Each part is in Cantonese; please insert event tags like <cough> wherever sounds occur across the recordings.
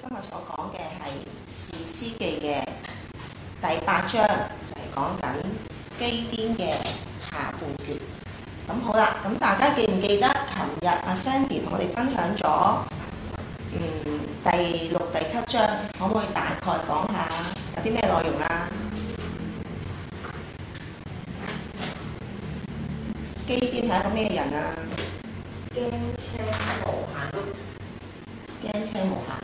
今日所講嘅係《士師記》嘅第八章，就係講緊基甸嘅下半段。咁好啦，咁大家記唔記得琴日阿 Sandy 同我哋分享咗嗯第六、第七章，可唔可以大概講下有啲咩內容啊？基甸係一個咩人啊？驚車無限都驚車無限。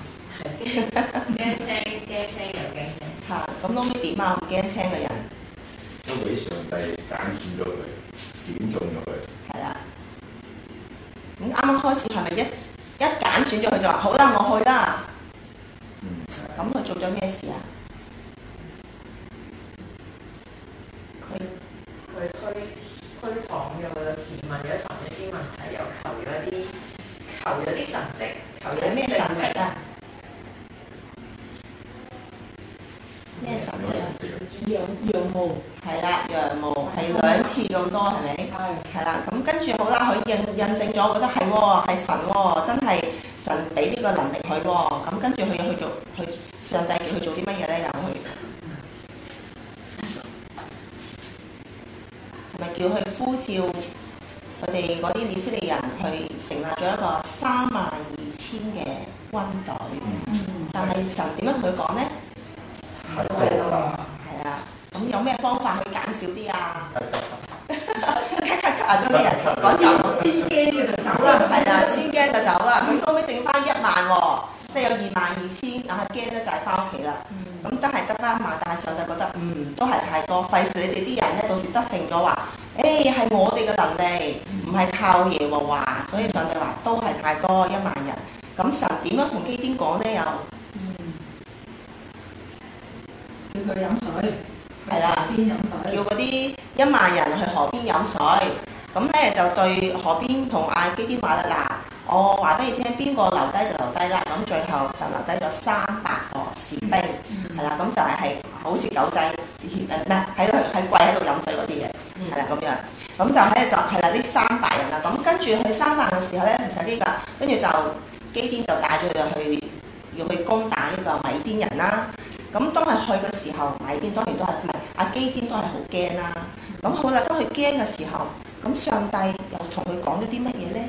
驚青，驚青又驚青。嚇，咁都點啊？唔驚青嘅人 <laughs> 都俾上帝揀選咗佢，點中咗佢。係啦。 <laughs> 咁啱啱開始係咪一一揀選咗佢就話，好啦我我覺得係喎，係神喎，真係神俾呢個能力佢喎。咁跟住佢又去做，去上帝叫佢做啲乜嘢咧？又去，咪叫佢呼召佢哋嗰啲以色列人去成立咗一個三萬二千嘅軍隊。嗯嗯。但係神點樣同佢講咧？係啦。係啦。咁有咩方法去減少啲啊？咳咳咳啊！咁啲人。都係太多，費事你哋啲人咧，到時得勝咗話，誒、欸、係我哋嘅能力，唔係靠耶和華，所以上帝話都係太多一萬人。咁神點樣同基甸講呢？又、嗯、叫佢飲水，係啦的，邊飲水？叫嗰啲一萬人去河邊飲水。咁咧就對河邊同阿基甸話啦，嗱，我話俾你聽，邊個留低就留低啦。咁最後就留低咗三百個士兵，係啦、嗯，咁、嗯、就係、是、係好似狗仔。啲誒咩喺喺櫃喺度飲水嗰啲嘢，係啦咁樣，咁就咧就係啦呢三百人啦，咁跟住去三萬嘅時候咧，其實呢個跟住就基甸就帶咗佢去要去攻打呢個米甸人啦。咁當係去嘅時候，米甸當然都係唔係阿基甸都係好驚啦。咁好啦，當佢驚嘅時候，咁上帝又同佢講咗啲乜嘢咧？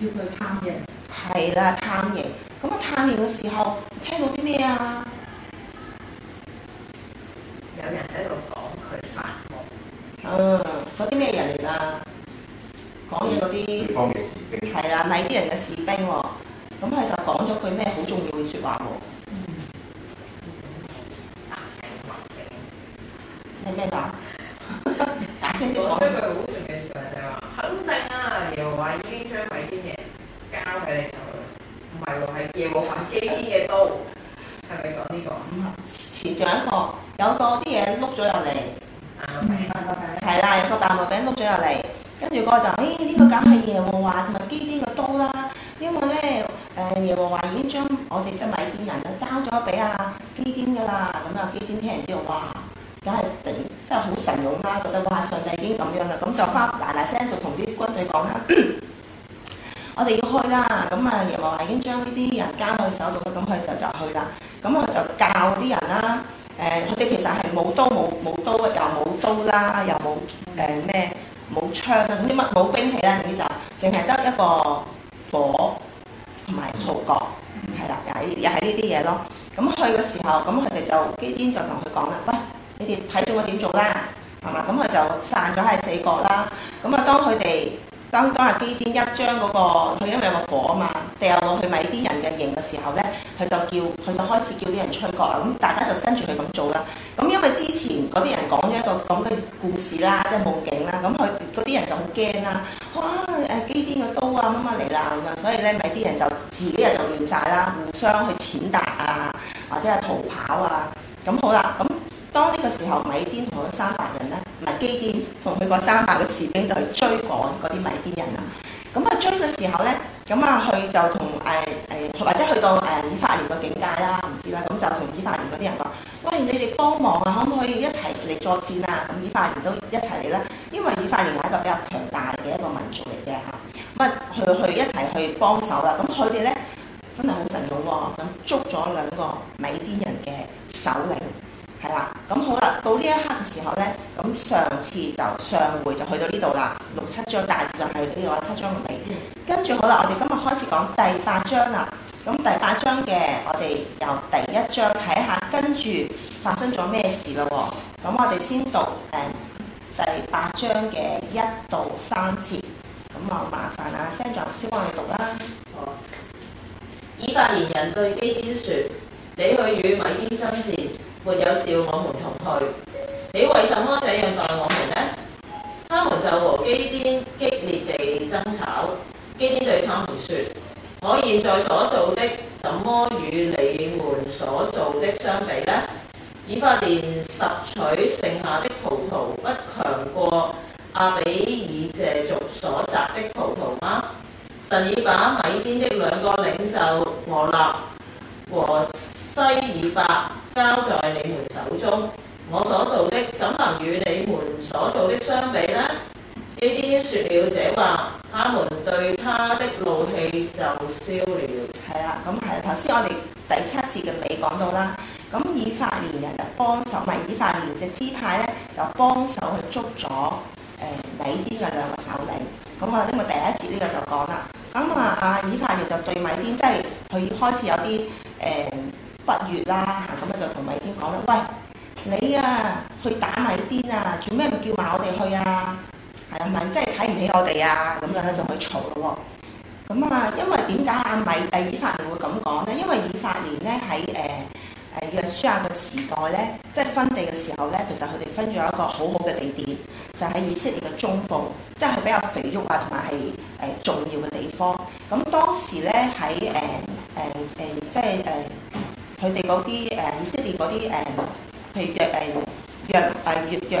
要佢探營。係啦，探營。咁啊，探營嘅時候聽到啲咩啊？有人喺度講佢發夢。啊，嗰啲咩人嚟噶？講嘢嗰啲。方嘅士兵。係啦，米甸人嘅士兵喎、哦，咁佢就講咗句咩好重要嘅説話喎、哦？嗯。係咩話？打聲先講。講咗句好重要嘅説話，就係話：肯定啊，耶和華已經將米啲嘢交喺你手度，唔係喎，係夜無寒基甸嘅刀。嗯。係咪講呢個咁啊？前前仲一個有個啲嘢碌咗入嚟，係啦，有，個，嗯、有個大麥餅碌咗入嚟，跟住個就誒呢、哎這個梗係耶和華同埋基甸嘅刀啦，因為咧誒耶和華已經將我哋即米甸人交啊交咗俾阿基甸噶啦，咁、嗯、啊基甸聽完之後，哇，梗係頂，真係好神勇啦，覺得哇上帝已經咁樣啦，咁、嗯、就翻大大聲就同啲軍隊講 <coughs> 啦，我哋要去啦，咁啊耶和華已經將呢啲人交去手度啦，咁佢就就去啦。咁我就教啲人啦，誒、呃，佢哋其實係冇刀冇冇刀又冇刀啦，又冇誒咩冇槍啊，啲乜冇兵器咧，嗰啲就淨係得一個火同埋號角，係啦、嗯，喺又係呢啲嘢咯。咁去嘅時候，咁佢哋就基甸就同佢講啦，喂、哎，你哋睇住我點做啦，係嘛？咁佢就散咗喺四角啦。咁啊，當佢哋。當當係基甸一將嗰、那個，佢因為有個火啊嘛，掉落去米甸人嘅營嘅時候咧，佢就叫，佢就開始叫啲人吹角啦。咁、嗯、大家就跟住佢咁做啦。咁、嗯、因為之前嗰啲人講咗一個咁嘅故事啦，即係夢境啦。咁佢嗰啲人就好驚啦，哇！誒，基甸嘅刀啊乜乜嚟啦咁啊，所以咧米甸人就自己又就亂晒啦，互相去踐踏啊，或者係逃跑啊。咁、嗯、好啦，咁、嗯。當呢個時候，米甸同咗三百人咧，唔係基甸同佢個三百個士兵就去追趕嗰啲米甸人啦。咁佢追嘅時候咧，咁啊，佢就同誒誒或者去到誒以法蓮個境界啦，唔知啦，咁就同以法蓮嗰啲人講：喂，你哋幫忙啊，可唔可以一齊嚟作戰啊？咁以法蓮都一齊嚟啦，因為以法蓮係一個比較強大嘅一個民族嚟嘅嚇，咁啊去去一齊去幫手啦。咁佢哋咧真係好神勇喎，咁捉咗兩個米甸人嘅首領。係啦，咁好啦，到呢一刻嘅時候咧，咁上次就上回就去到呢度啦，六七章大致就係呢個七章嘅尾。跟住好啦，我哋今日開始講第八章啦。咁第八章嘅我哋由第一章睇下，跟住發生咗咩事咯喎、哦？咁我哋先讀誒第八章嘅一到三節。咁啊 Sandra，先幫，麻煩啊，聲像老師幫我哋讀啦。好，以法蓮人對基甸説：你去與米甸爭戰。沒有照我們同去，你為什麼這樣待我們呢？他們就和基甸激烈地爭吵。基甸對他們說：我現在所做的，怎麼與你們所做的相比呢？以法蓮拾取剩下的葡萄，不強過亞比以謝族所摘的葡萄嗎？神已把米甸的兩個領袖俄立和西以法。」交在你們手中，我所做的怎能與你們所做的相比呢？呢啲，説了這話，他們對他的怒氣就消了。係啊，咁係頭先我哋第七節嘅尾講到啦。咁以法蓮人就幫手，咪以法蓮嘅支派咧就幫手去捉咗誒米甸嘅兩個首領。咁我呢個第一節呢個就講啦。咁啊，阿以法蓮就對米甸，即係佢開始有啲誒。呃不悅啦，咁啊就同米甸講啦。喂，你啊去打米甸啊，做咩唔叫埋我哋去啊？係咪真係睇唔起我哋啊？咁樣咧就去嘈咯喎。咁啊，因為點解阿米誒以法蓮會咁講咧？因為以法蓮咧喺誒誒約書亞嘅時代咧，即係分地嘅時候咧，其實佢哋分咗一個好好嘅地點，就喺以色列嘅中部，即係比較肥沃啊，同埋係誒重要嘅地方。咁當時咧喺誒誒誒，即係誒。呃呃呃呃就是呃佢哋嗰啲誒，以色列嗰啲誒，譬如誒，弱誒越弱誒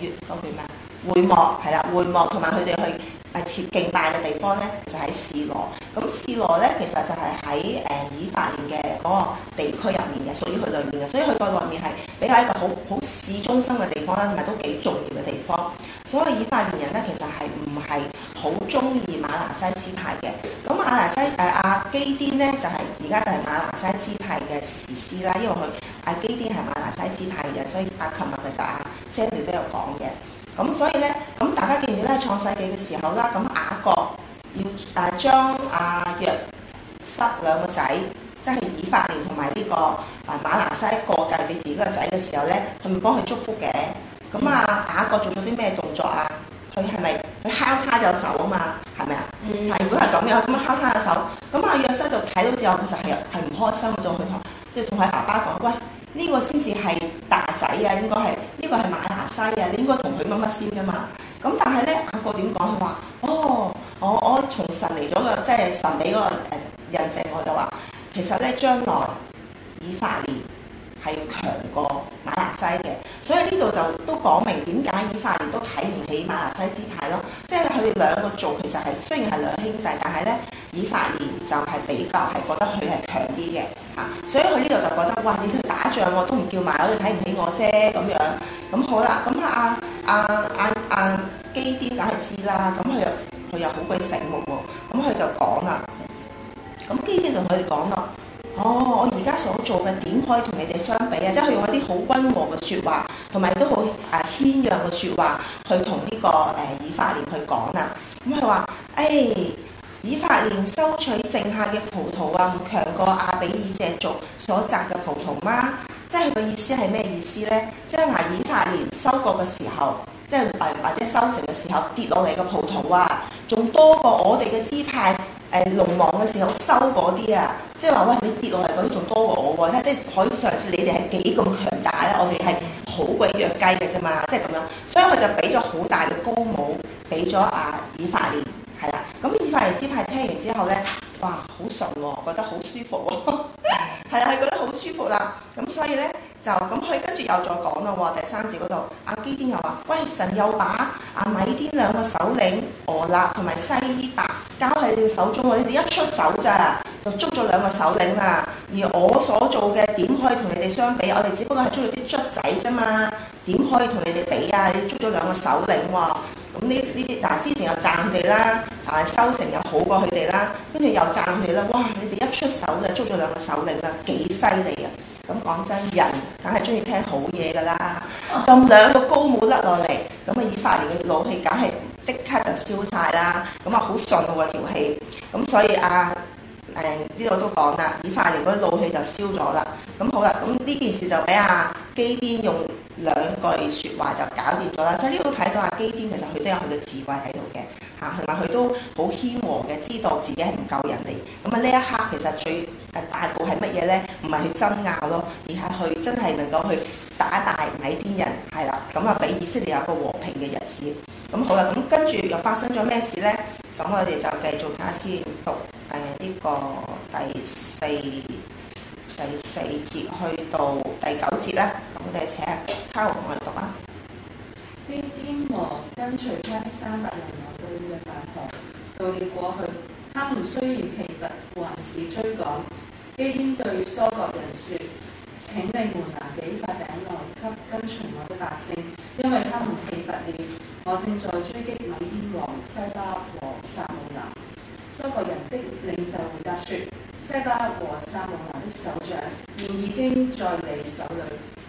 越嗰句咩？會幕係啦，會幕同埋佢哋去誒設敬拜嘅地方咧，就喺示羅。咁示羅咧，其實就係喺誒以法蓮嘅嗰個地區入面嘅，屬於佢裏面嘅。所以佢個裏面係比較一個好好市中心嘅地方啦，同埋都幾重要嘅地方。所以以法蓮人咧，其實係唔係好中意瑪拿西支派嘅。咁瑪拿西誒阿、啊、基甸咧，就係而家就係瑪拿西支派嘅士師啦，因為佢阿、啊、基甸係瑪拿西支派嘅，所以阿琴日其實阿 s a r 都有講嘅。咁所以咧，咁大家記唔記得創世紀嘅時候啦？咁雅各要誒將阿約瑟兩個仔，即係以法蓮同埋呢個啊馬拿西過繼俾自己個仔嘅時候咧，佢咪幫佢祝福嘅？咁啊雅各做咗啲咩動作啊？佢係咪佢敲叉咗手啊？嘛係咪啊？但係、嗯、如果係咁樣話，咁敲叉咗手，咁阿約瑟就睇到之後，其實係係唔開心嘅，仲去同即係同佢爸爸講喂，呢、呢個先至係大仔啊，應該係。呢個係瑪拿西呀、啊，你應該同佢乜乜先噶嘛？咁但係咧，阿哥點講？佢話、哦，哦，我我從神嚟咗個，即係神俾嗰個印證，我就話其實咧，將來以法蓮係要強過瑪拿西嘅，所以呢度就都講明點解以法蓮都睇唔起瑪拿西支派咯。即係佢哋兩個做，其實係雖然係兩兄弟，但係咧。以法蓮就係比較係覺得佢係強啲嘅嚇，所以佢呢度就覺得哇！你去打仗我都唔叫埋，我哋睇唔起我啫咁樣、啊。咁好啦，咁啊啊啊啊基甸梗係知啦，咁佢又佢又好鬼醒目喎。咁佢就講啦，咁基甸同佢哋講咯。哦，我而家所做嘅點可以同你哋相比啊？即係、就是、用一啲好溫和嘅説話，同埋都好啊謙讓嘅説話去同呢個誒以法蓮去講啊。咁佢話誒。以法蓮收取剩下嘅葡萄啊，唔強過亞比爾這族所摘嘅葡萄嗎？即係佢嘅意思係咩意思咧？即係話以法蓮收割嘅時候，即係或或者收成嘅時候跌落嚟嘅葡萄啊，仲多過我哋嘅支派誒農忙嘅時候收嗰啲啊。即係話喂，你跌落嚟嗰啲仲多過我喎，即係可以上説你哋係幾咁強大咧？我哋係好鬼弱雞嘅啫嘛，即係咁樣，所以我就俾咗好大嘅高帽俾咗阿以法蓮。係啦，咁以法蓮支派聽完之後咧，哇，好順喎、哦，覺得好舒服喎、哦，係 <laughs> 啊，係覺得好舒服啦。咁所以咧就咁佢跟住又再講啦喎，第三節嗰度，阿基甸又話：，喂，神又把阿米甸兩個首領俄勒同埋西伊伯交喺你手中，你哋一出手咋就捉咗兩個首領啦。而我所做嘅點可以同你哋相比？我哋只不過係捉咗啲卒仔啫嘛，點可以同你哋比啊？你捉咗兩個首領喎。咁呢呢啲嗱，之前又讚佢哋啦，啊收成又好過佢哋啦，跟住又讚佢哋啦，哇！你哋一出手就捉咗兩個首領、啊嗯、啦，幾犀利啊！咁講真，人梗係中意聽好嘢噶啦，咁兩個高帽甩落嚟，咁啊以法蓮嘅怒氣梗係即刻就消晒啦，咁啊好順喎條氣，咁、嗯、所以阿。啊呢度、嗯、都講啦，以法蓮嗰啲怒氣就消咗啦。咁好啦，咁呢件事就俾阿、啊、基甸用兩句説話就搞掂咗啦。所以呢度睇到阿、啊、基甸其實佢都有佢嘅智慧喺度嘅。同埋佢都好謙和嘅，知道自己係唔夠人哋。咁啊，呢一刻其實最誒大步係乜嘢咧？唔係去爭拗咯，而係去真係能夠去打敗米甸人，係啦。咁啊，俾以色列有一個和平嘅日子。咁好啦，咁跟住又發生咗咩事咧？咁我哋就繼續睇下先讀誒呢個第四第四節去到第九節啦。我哋請同我哋讀啊！基甸和跟隨將三百人來到佢嘅大堂。到了過去，他們雖然疲乏，還是追趕。基甸對疏割人說：請你們拿幾塊餅來給跟隨我的百姓，因為他們疲乏了。我正在追擊米甸王西巴和撒慕拿。疏割人的領袖回答說：西巴和撒慕拿的首長現已經在你手裏。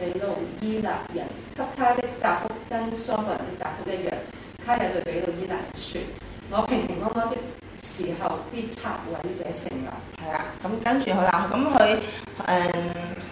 李到依納人給他的答覆跟人文答覆一樣，他又對李到依納說：我平平安安的時候必拆韋者成名。係啊，咁跟住好啦，咁佢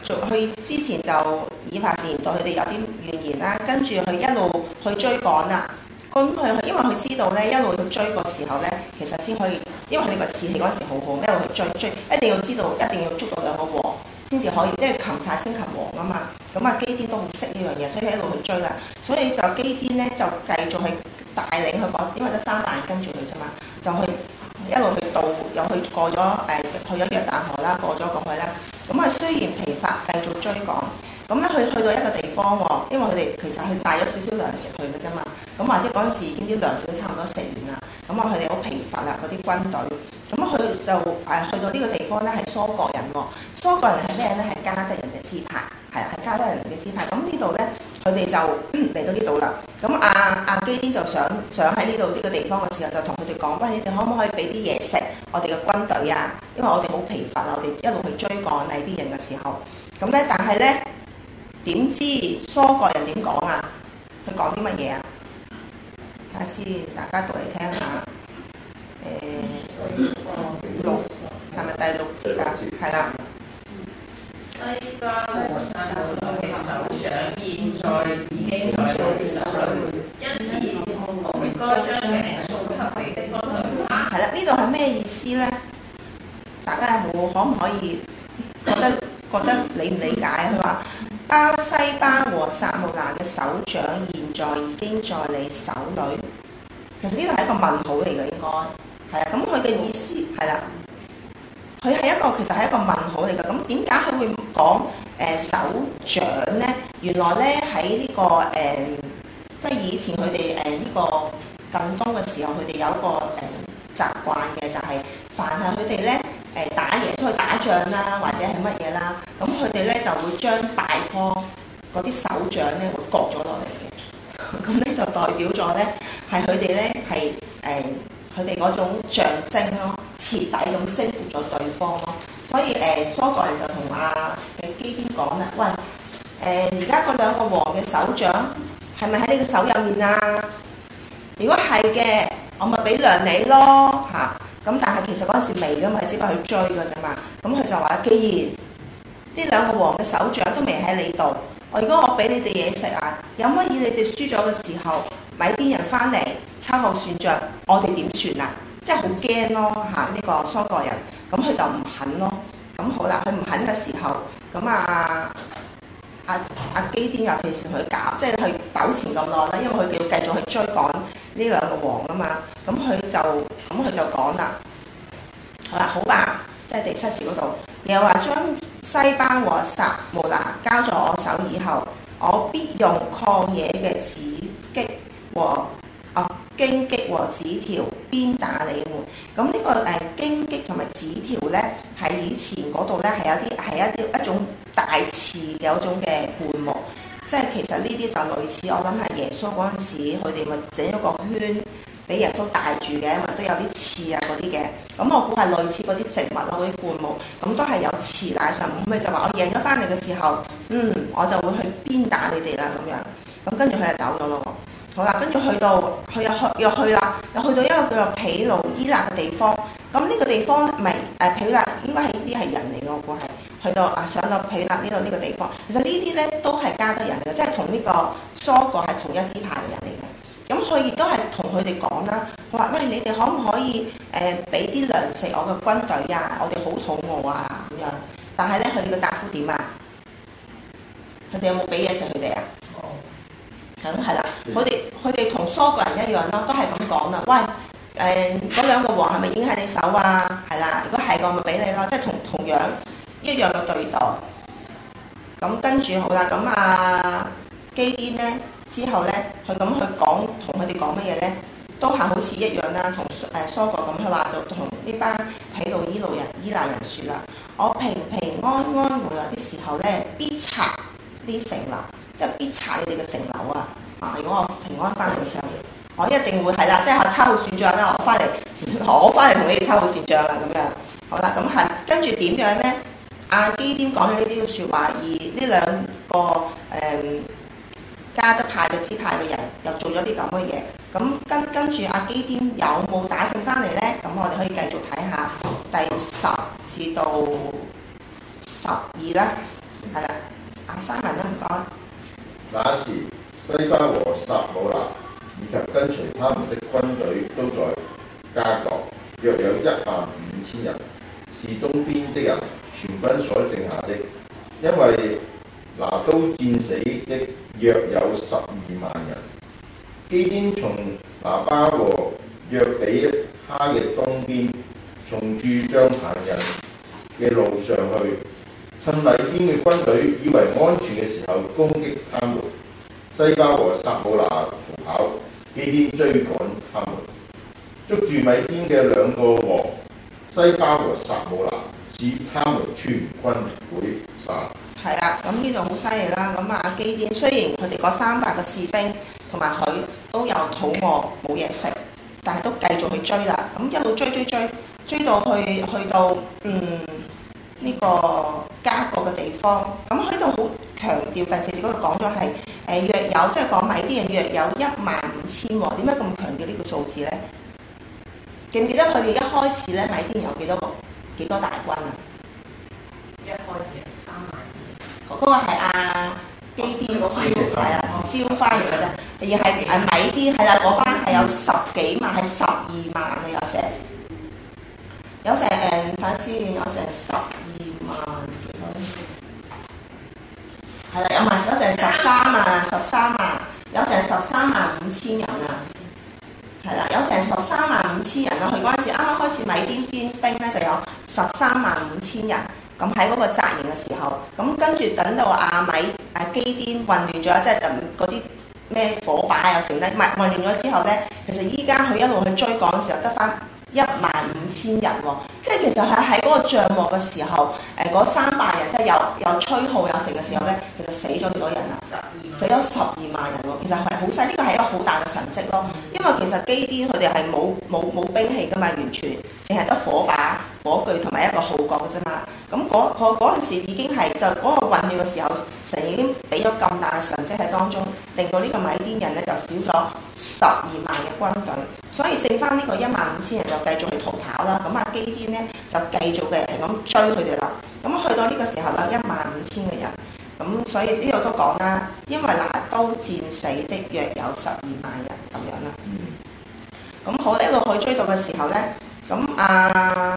誒續，佢之前就已發現對佢哋有啲怨言啦。跟住佢一路去追趕啦。咁佢因為佢知道咧，一路去追個時候咧，其實先可以，因為佢個士氣嗰陣時好好，一路追追，一定要知道，一定要捉到兩個王。先至可以，因為擒賊先擒王啊嘛，咁啊基甸都好識呢樣嘢，所以一路去追啦。所以就基甸咧就繼續去帶領佢。講，因為得三百人跟住佢啫嘛，就去一路去到又去過咗誒、呃，去咗約旦河啦，過咗過去啦。咁、嗯、啊雖然疲乏，繼續追趕，咁咧佢去到一個地方喎，因為佢哋其實帶去帶咗少少糧食去嘅啫嘛，咁、嗯、或者嗰陣時已經啲糧食都差唔多食完啦。咁啊，佢哋好疲乏啦，嗰啲軍隊。咁佢就誒去到呢個地方咧，係疏國人喎。疏國人係咩咧？係加德人嘅支派，係啊，係加德人嘅支派。咁呢度咧，佢哋就嚟、嗯、到呢度啦。咁亞亞基甸就想想喺呢度呢個地方嘅時候，就同佢哋講：喂，你哋可唔可以俾啲嘢食我哋嘅軍隊啊？因為我哋好疲乏啦，我哋一路去追趕啲人嘅時候。咁咧，但係咧，點知疏國人點講啊？佢講啲乜嘢啊？先，大家讀嚟聽下、欸。誒，六係咪第六節啊？係啦。西班牙首長現在已經在對手因此我們該將名數給你。係啦，呢度係咩意思咧？大家有冇？可唔可以覺得覺得理唔理解佢話？巴西巴和撒穆拿嘅手掌現在已經在你手裏。其實呢個係一個問號嚟嘅，應該係咁。咁佢嘅意思係啦，佢係一個其實係一個問號嚟嘅。咁點解佢會講誒手掌呢？原來呢，喺呢、這個誒，即、呃、係、就是、以前佢哋誒呢個近東嘅時候，佢哋有一個誒、呃、習慣嘅、就是，就係凡係佢哋呢，誒打贏出去打仗啦，或者係乜嘢啦，咁佢哋咧就會將敗方嗰啲手掌咧會割咗落嚟，咁咧就代表咗咧係佢哋咧係誒佢哋嗰種象徵咯，徹底咁征服咗對方咯。所以誒疏、欸、割人就同阿嘅基甸講啦，喂誒而家嗰兩個王嘅手掌係咪喺你嘅手入面啊？如果係嘅，我咪俾糧你咯，嚇、啊！咁但係其實嗰陣時未噶嘛，只不過去追㗎咋嘛。咁、嗯、佢就話：既然呢兩個王嘅手掌都未喺你度，我如果我俾你哋嘢食啊，有冇以你哋輸咗嘅時候，米甸人返嚟，秋後算賬，我哋點算啊？即係好驚咯，嚇！呢個疏割人，咁、嗯、佢就唔肯咯。咁、嗯、好啦，佢唔肯嘅時候，咁、嗯、啊。阿阿、啊啊、基甸尤其是佢搞，即係佢糾纏咁耐啦，因為佢要繼續去追趕呢兩個王啊嘛，咁佢就咁佢就講啦，好話好吧，即、就、係、是、第七節嗰度，又話將西巴和撒慕拿交咗我手以後，我必用曠野嘅枳棘和。哦，荊棘和枝條鞭打你們。咁、嗯這個、呢個誒荊棘同埋枝條咧，係以前嗰度咧係有啲係一啲一種大刺嘅一種嘅灌木，即係其實呢啲就類似我諗係耶穌嗰陣時佢哋咪整咗個圈俾耶穌戴住嘅，咪都有啲刺啊嗰啲嘅。咁我估係類似嗰啲植物咯，嗰啲灌木，咁、嗯、都係有刺啊上面。咁咪就話我贏咗翻嚟嘅時候，嗯，我就會去鞭打你哋啦咁樣。咁跟住佢就走咗咯。好啦，跟住去到，去又去又去啦，又去到一個叫做毗努伊勒嘅地方。咁呢個地方咪？係誒毗努，應該係呢啲係人嚟嘅，我估係去到啊上到毗努呢度呢個地方。其實呢啲咧都係加得人嚟嘅，即係同呢個疏割係同一支派嘅人嚟嘅。咁佢亦都係同佢哋講啦，佢話喂，你哋可唔可以誒俾啲糧食我嘅軍隊啊？我哋好肚餓啊咁樣。但係咧，佢哋嘅答覆點啊？佢哋有冇俾嘢食佢哋啊？咁係啦，佢哋佢哋同疏割人一樣咯，都係咁講啦。喂，誒、呃、嗰兩個王係咪已經喺你手啊？係啦，如果係個，咪俾你咯，即係同同樣一樣嘅對待。咁、嗯、跟住好啦，咁、嗯、啊基甸咧，之後咧，佢咁去講，同佢哋講乜嘢咧？都係好似一樣啦，同誒疏割咁，佢、呃、話就同呢班毗努伊勒人、依賴人説啦。我平平安安，會有啲時候咧，必拆呢城樓。即係必拆你哋嘅城樓啊！啊，如果我平安翻嚟嘅時候，我一定會係啦，即係、就是、我秋後算帳啦、啊！我翻嚟， <laughs> 我翻嚟同你哋秋後算帳啦、啊、咁樣。好啦，咁係跟住點樣咧？阿、啊、基甸講咗呢啲説話，而呢兩個誒、嗯、加德派嘅支派嘅人又做咗啲咁嘅嘢。咁跟跟住阿、啊、基甸有冇打勝翻嚟咧？咁我哋可以繼續睇下第十至到十二啦。係啦，阿、啊、三文啦、啊，唔該、啊。那時西巴和薩姆納以及跟隨他們的軍隊都在加國，約有一萬五千人。是東邊的人全軍所剩下的，因為拿刀戰死的約有十二萬人。基甸從拿巴和約比哈嘅東邊從住帳棚人嘅路上去。趁米甸嘅軍隊以為安全嘅時候，攻擊他們，西巴和撒慕拿逃跑，基甸追趕他們，捉住米甸嘅兩個王，西巴和撒慕拿，使他們全軍潰散。係啦，咁呢度好犀利啦！咁啊，基甸雖然佢哋嗰三百個士兵同埋佢都有肚餓冇嘢食，但係都繼續去追啦。咁一路追追追，追到去去到嗯。呢個加各嘅地方，咁喺度好強調第四節嗰度講咗係誒，若有即係講米甸人，若有一萬五千喎，點解咁強調呢個數字咧？記唔記得佢哋一開始咧，米甸人有幾多個幾多大軍啊？一開始係三萬五千。嗰個係阿、啊、基甸嗰時係啊招翻嚟嘅啫，而係啊米甸係啦，嗰班係有十幾萬，係十二萬嘅有寫。有成誒，睇先，有成十二萬幾多先？係啦，有埋有成十三萬，十三萬，有成十三萬五千人啦。係啦，有成十三萬五千人咯。佢嗰陣時啱啱開始米甸啲兵咧，就有十三萬五千人。咁喺嗰個扎營嘅時候，咁跟住等到阿米誒基甸混亂咗，即係等嗰啲咩火把又剩咧，唔係混亂咗之後咧，其實依家佢一路去追趕嘅時候得翻。一萬五千人喎，即係其實係喺嗰個帳幕嘅時候，誒嗰三百人即係有有吹號有成嘅時候咧，其實死咗幾多人啊？死咗十二萬人喎，其實係好細，呢個係一個好大嘅神跡咯。因為其實基甸佢哋係冇冇冇兵器㗎嘛，完全淨係得火把。火炬同埋一個號角嘅啫嘛，咁、那、嗰陣時已經係就嗰個混亂嘅時候，神已經俾咗咁大嘅神跡喺當中，令到呢個米甸人咧就少咗十二萬嘅軍隊，所以剩翻呢個一萬五千人就繼續去逃跑啦。咁阿基甸咧就繼續嘅咁追佢哋啦。咁去到呢個時候咧，一萬五千個人咁，所以呢度都講啦，因為拿刀戰死的約有十二萬人咁樣啦。嗯。咁好呢一路去追到嘅時候咧，咁阿、啊。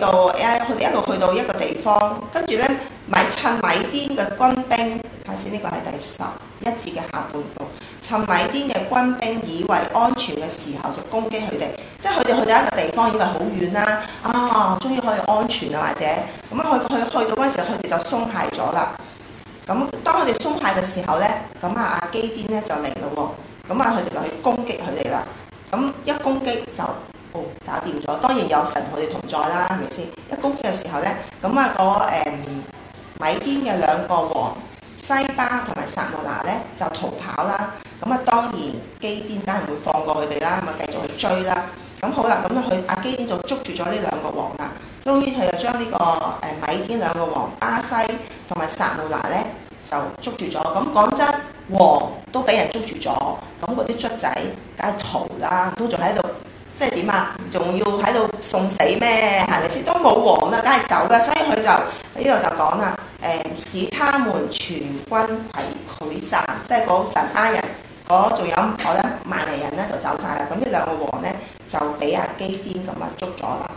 到哎，佢哋一路去到一個地方，跟住咧，咪趁米甸嘅軍兵，睇下先，呢、這個係第十一節嘅下半部。趁米甸嘅軍兵以為安全嘅時候就攻擊佢哋，即係佢哋去到一個地方以為好遠啦，啊，終於可以安全啊，或者咁啊，去去去到嗰陣時候，佢哋就鬆懈咗啦。咁當佢哋鬆懈嘅時候咧，咁啊阿基甸咧就嚟啦喎，咁啊佢哋就去攻擊佢哋啦。咁一攻擊就～哦，搞掂咗，當然有神佢哋同在啦，係咪先？一攻擊嘅時候咧，咁啊個誒米甸嘅兩個王西巴同埋撒慕拿咧就逃跑啦。咁啊當然基甸梗係唔會放過佢哋啦，咁啊繼續去追啦。咁好啦，咁啊佢阿基甸就捉住咗呢兩個王啦。終於佢就將呢個誒米甸兩個王巴西同埋撒慕拿咧就捉住咗。咁講真，王都俾人捉住咗，咁嗰啲卒仔梗係逃啦，都仲喺度。即係點啊？仲要喺度送死咩？係咪先？都冇王啦，梗係走啦。所以佢就呢度就講啦。誒、欸，使他們全軍潰散，即係講神巴人嗰仲、那個、有嗰啲萬尼人咧就走晒啦。咁呢兩個王咧就俾阿基甸咁啊捉咗啦。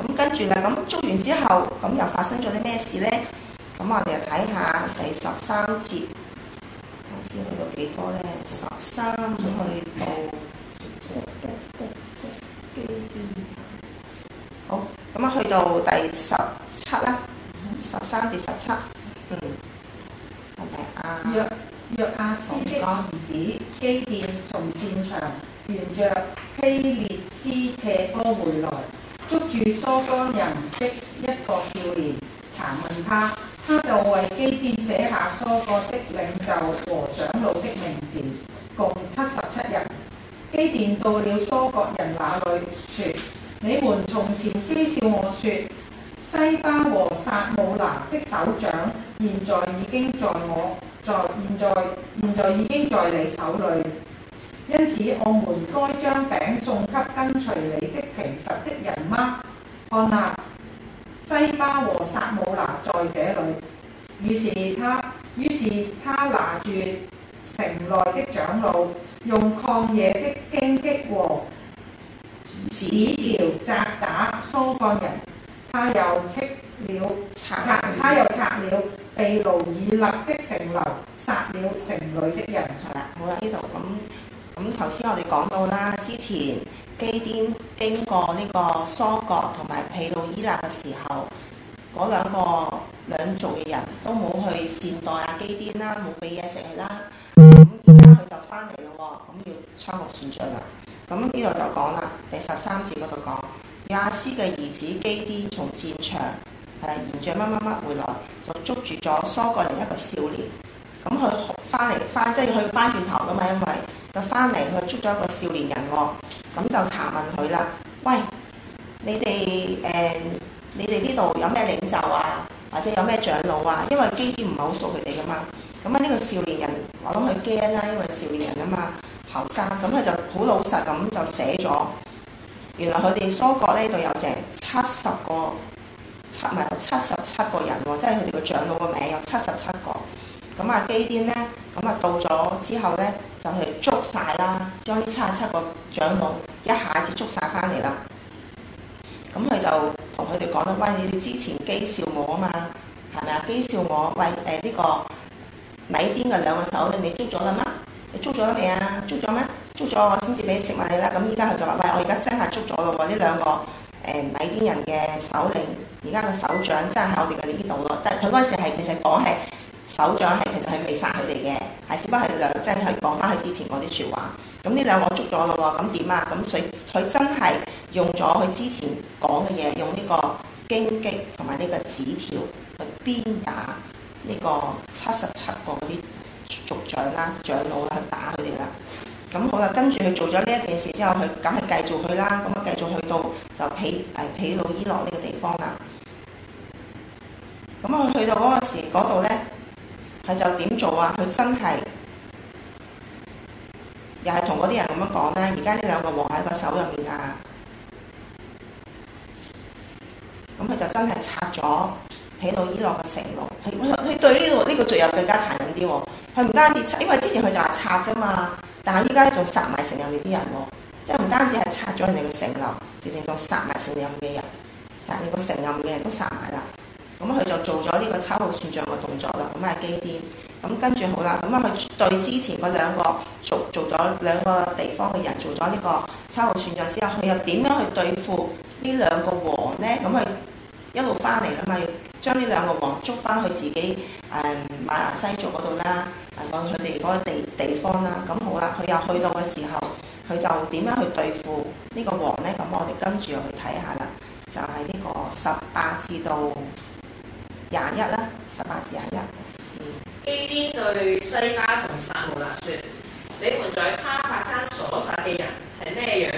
咁跟住啦，咁捉完之後，咁又發生咗啲咩事咧？咁我哋就睇下第十三節，頭先去到幾多咧？十三、嗯嗯、去到。好，咁啊，去到第十七啦，十三至十七。嗯，好嘅、啊。約阿斯的兒子哥基甸從戰場沿着希列斯斜坡回來，捉住疏割人的一個少年，查問他，他就為基甸寫下疏割的領袖和長老的名字，共七十七人。基甸到了疏割人那裡，説：你們從前譏笑我，説西巴和撒慕拿的手掌，現在已經在我在現在現在已經在你手裏。因此，我們該將餅送給跟隨你的疲乏的人嗎？看啊，西巴和撒慕拿在這裡。於是他於是他拿住。 <noise> <noise> <noise> 城內的長老用曠野的荊棘和紙條責打疏割人，他又拆了，他殺殺又拆了毘努伊勒的城樓，殺了城裡的人。係啦，好啦，呢度咁咁頭先我哋講到啦，之前基甸經過呢個疏割同埋毘努伊勒嘅時候，嗰兩個兩族嘅人都冇去善待阿基甸啦，冇俾嘢食佢啦。咁而家佢就翻嚟咯喎，咁要秋後算賬啦。咁呢度就講啦，第十三節嗰度講約阿斯嘅兒子基甸從戰場誒，沿着乜乜乜回來，就捉住咗疏割人一個少年。咁佢翻嚟翻，即係佢翻轉頭噶嘛，因為就翻嚟去捉咗一個少年人喎、啊。咁就查問佢啦。喂，你哋誒、呃，你哋呢度有咩領袖啊，或者有咩長老啊？因為基甸唔係好熟佢哋噶嘛。咁呢個少年人，我諗佢驚啦，因為少年人啊嘛，後生，咁佢就好老實咁就寫咗。原來佢哋疏割呢度有成七十個，七，唔係，七十七個人喎，即係佢哋個長老個名有七十七個。咁啊，基甸咧，咁啊到咗之後咧，就係捉晒啦，將啲七十七個長老一下子捉晒翻嚟啦。咁佢就同佢哋講啦：喂，你哋之前譏笑我啊嘛，係咪啊？譏笑我喂誒呢、呃這個。米甸嘅兩個首領你你捉咗啦咩？你捉咗未啊？捉咗咩？捉咗我先至俾食物你啦。咁依家佢就話：喂，我而家真係捉咗咯喎！呢兩個誒米甸人嘅首領，而家個首長真係喺我哋嘅呢度咯。但係佢嗰陣時係其實講係首長係其實係未殺佢哋嘅，係只不過係就真係講翻佢之前嗰啲説話。咁呢兩個捉咗咯喎，咁點啊？咁佢佢真係用咗佢之前講嘅嘢，用呢個荊棘同埋呢個紙條去鞭打，呢個七十七個嗰啲族長啦、長老啦去打佢哋啦，咁好啦，跟住佢做咗呢一件事之後，佢梗係繼續去啦，咁啊繼續去到就毗誒毗努伊勒呢個地方啦。咁啊去到嗰個時嗰度咧，佢就點做啊？佢真係又係同嗰啲人咁樣講啦。而家呢兩個王喺個手入面啊，咁佢就真係拆咗。起到伊朗嘅城樓，佢佢對呢、這個呢、這個罪又更加殘忍啲喎，佢唔單止因為之前佢就係拆啫嘛，但係依家仲殺埋城暗裏啲人喎，即係唔單止係拆咗人哋嘅城樓，直情就殺埋城暗嘅人，殺、就、你、是、個城暗嘅人都殺埋啦，咁佢就做咗呢個秋後算賬嘅動作啦，咁係基甸，咁跟住好啦，咁啊佢對之前嗰兩個做做咗兩個地方嘅人做咗呢個秋後算賬之後，佢又點樣去對付呢兩個王呢？咁佢一路翻嚟啦嘛。將呢兩個王捉翻去自己誒瑪拿西族嗰度啦，按佢哋嗰個地地方啦，咁好啦，佢又去到嘅時候，佢就點樣去對付呢個王呢？咁我哋跟住去睇下、就是、啦，就係呢個十八至到廿一啦，十八至廿一。基甸對西巴同撒慕拿説：你們在他泊山所殺嘅人係咩樣？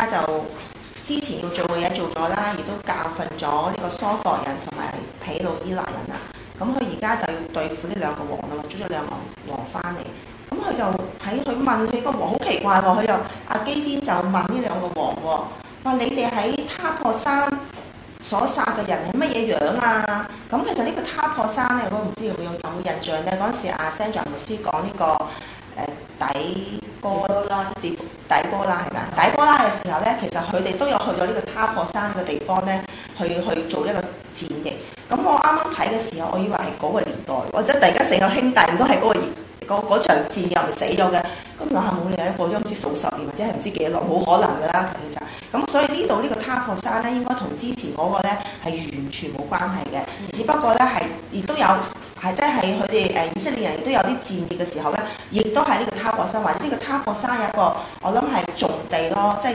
家就之前要做嘅嘢做咗啦，亦都教訓咗呢個疏國人同埋皮魯伊男人啦。咁佢而家就要對付呢兩個王嘛，捉咗兩個王翻嚟。咁、嗯、佢就喺佢問佢個王，好奇怪喎、哦，佢又阿基甸就問呢兩個王喎、哦，你哋喺他泊山所殺嘅人係乜嘢樣啊？咁、嗯、其實呢個他泊山咧，我都唔知有冇印象咧，嗰陣時阿 Sandra 牧師講呢個誒、呃、底歌跌。底波拉係咪啊？底波拉嘅時候咧，其實佢哋都有去咗呢個塔破山嘅地方咧，去去做一個戰役。咁我啱啱睇嘅時候，我以為係嗰個年代，或者突然間成個兄弟都係嗰、嗰個嗰嗰、嗰個、場戰役死咗嘅。咁啊，冇另一個，都唔知數十年或者係唔知幾耐，冇可能㗎啦。其實，咁所以這這呢度呢個塔破山咧，應該同之前嗰個咧係完全冇關係嘅，只不過咧係亦都有。係即係佢哋誒以色列人亦都有啲戰役嘅時候咧，亦都係呢個他泊山，或者呢個他泊山有一個我諗係重地咯，即係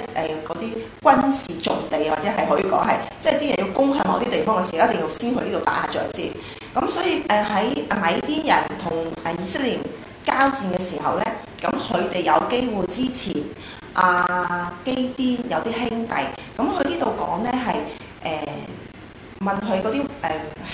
誒嗰啲軍事重地，或者係可以講係即係啲人要攻向某啲地方嘅時候，一定要先去呢度打下仗先。咁所以誒喺米甸人同誒以色列人交戰嘅時候咧，咁佢哋有機會支持啊基甸有啲兄弟，咁佢呢度講咧係。問佢嗰啲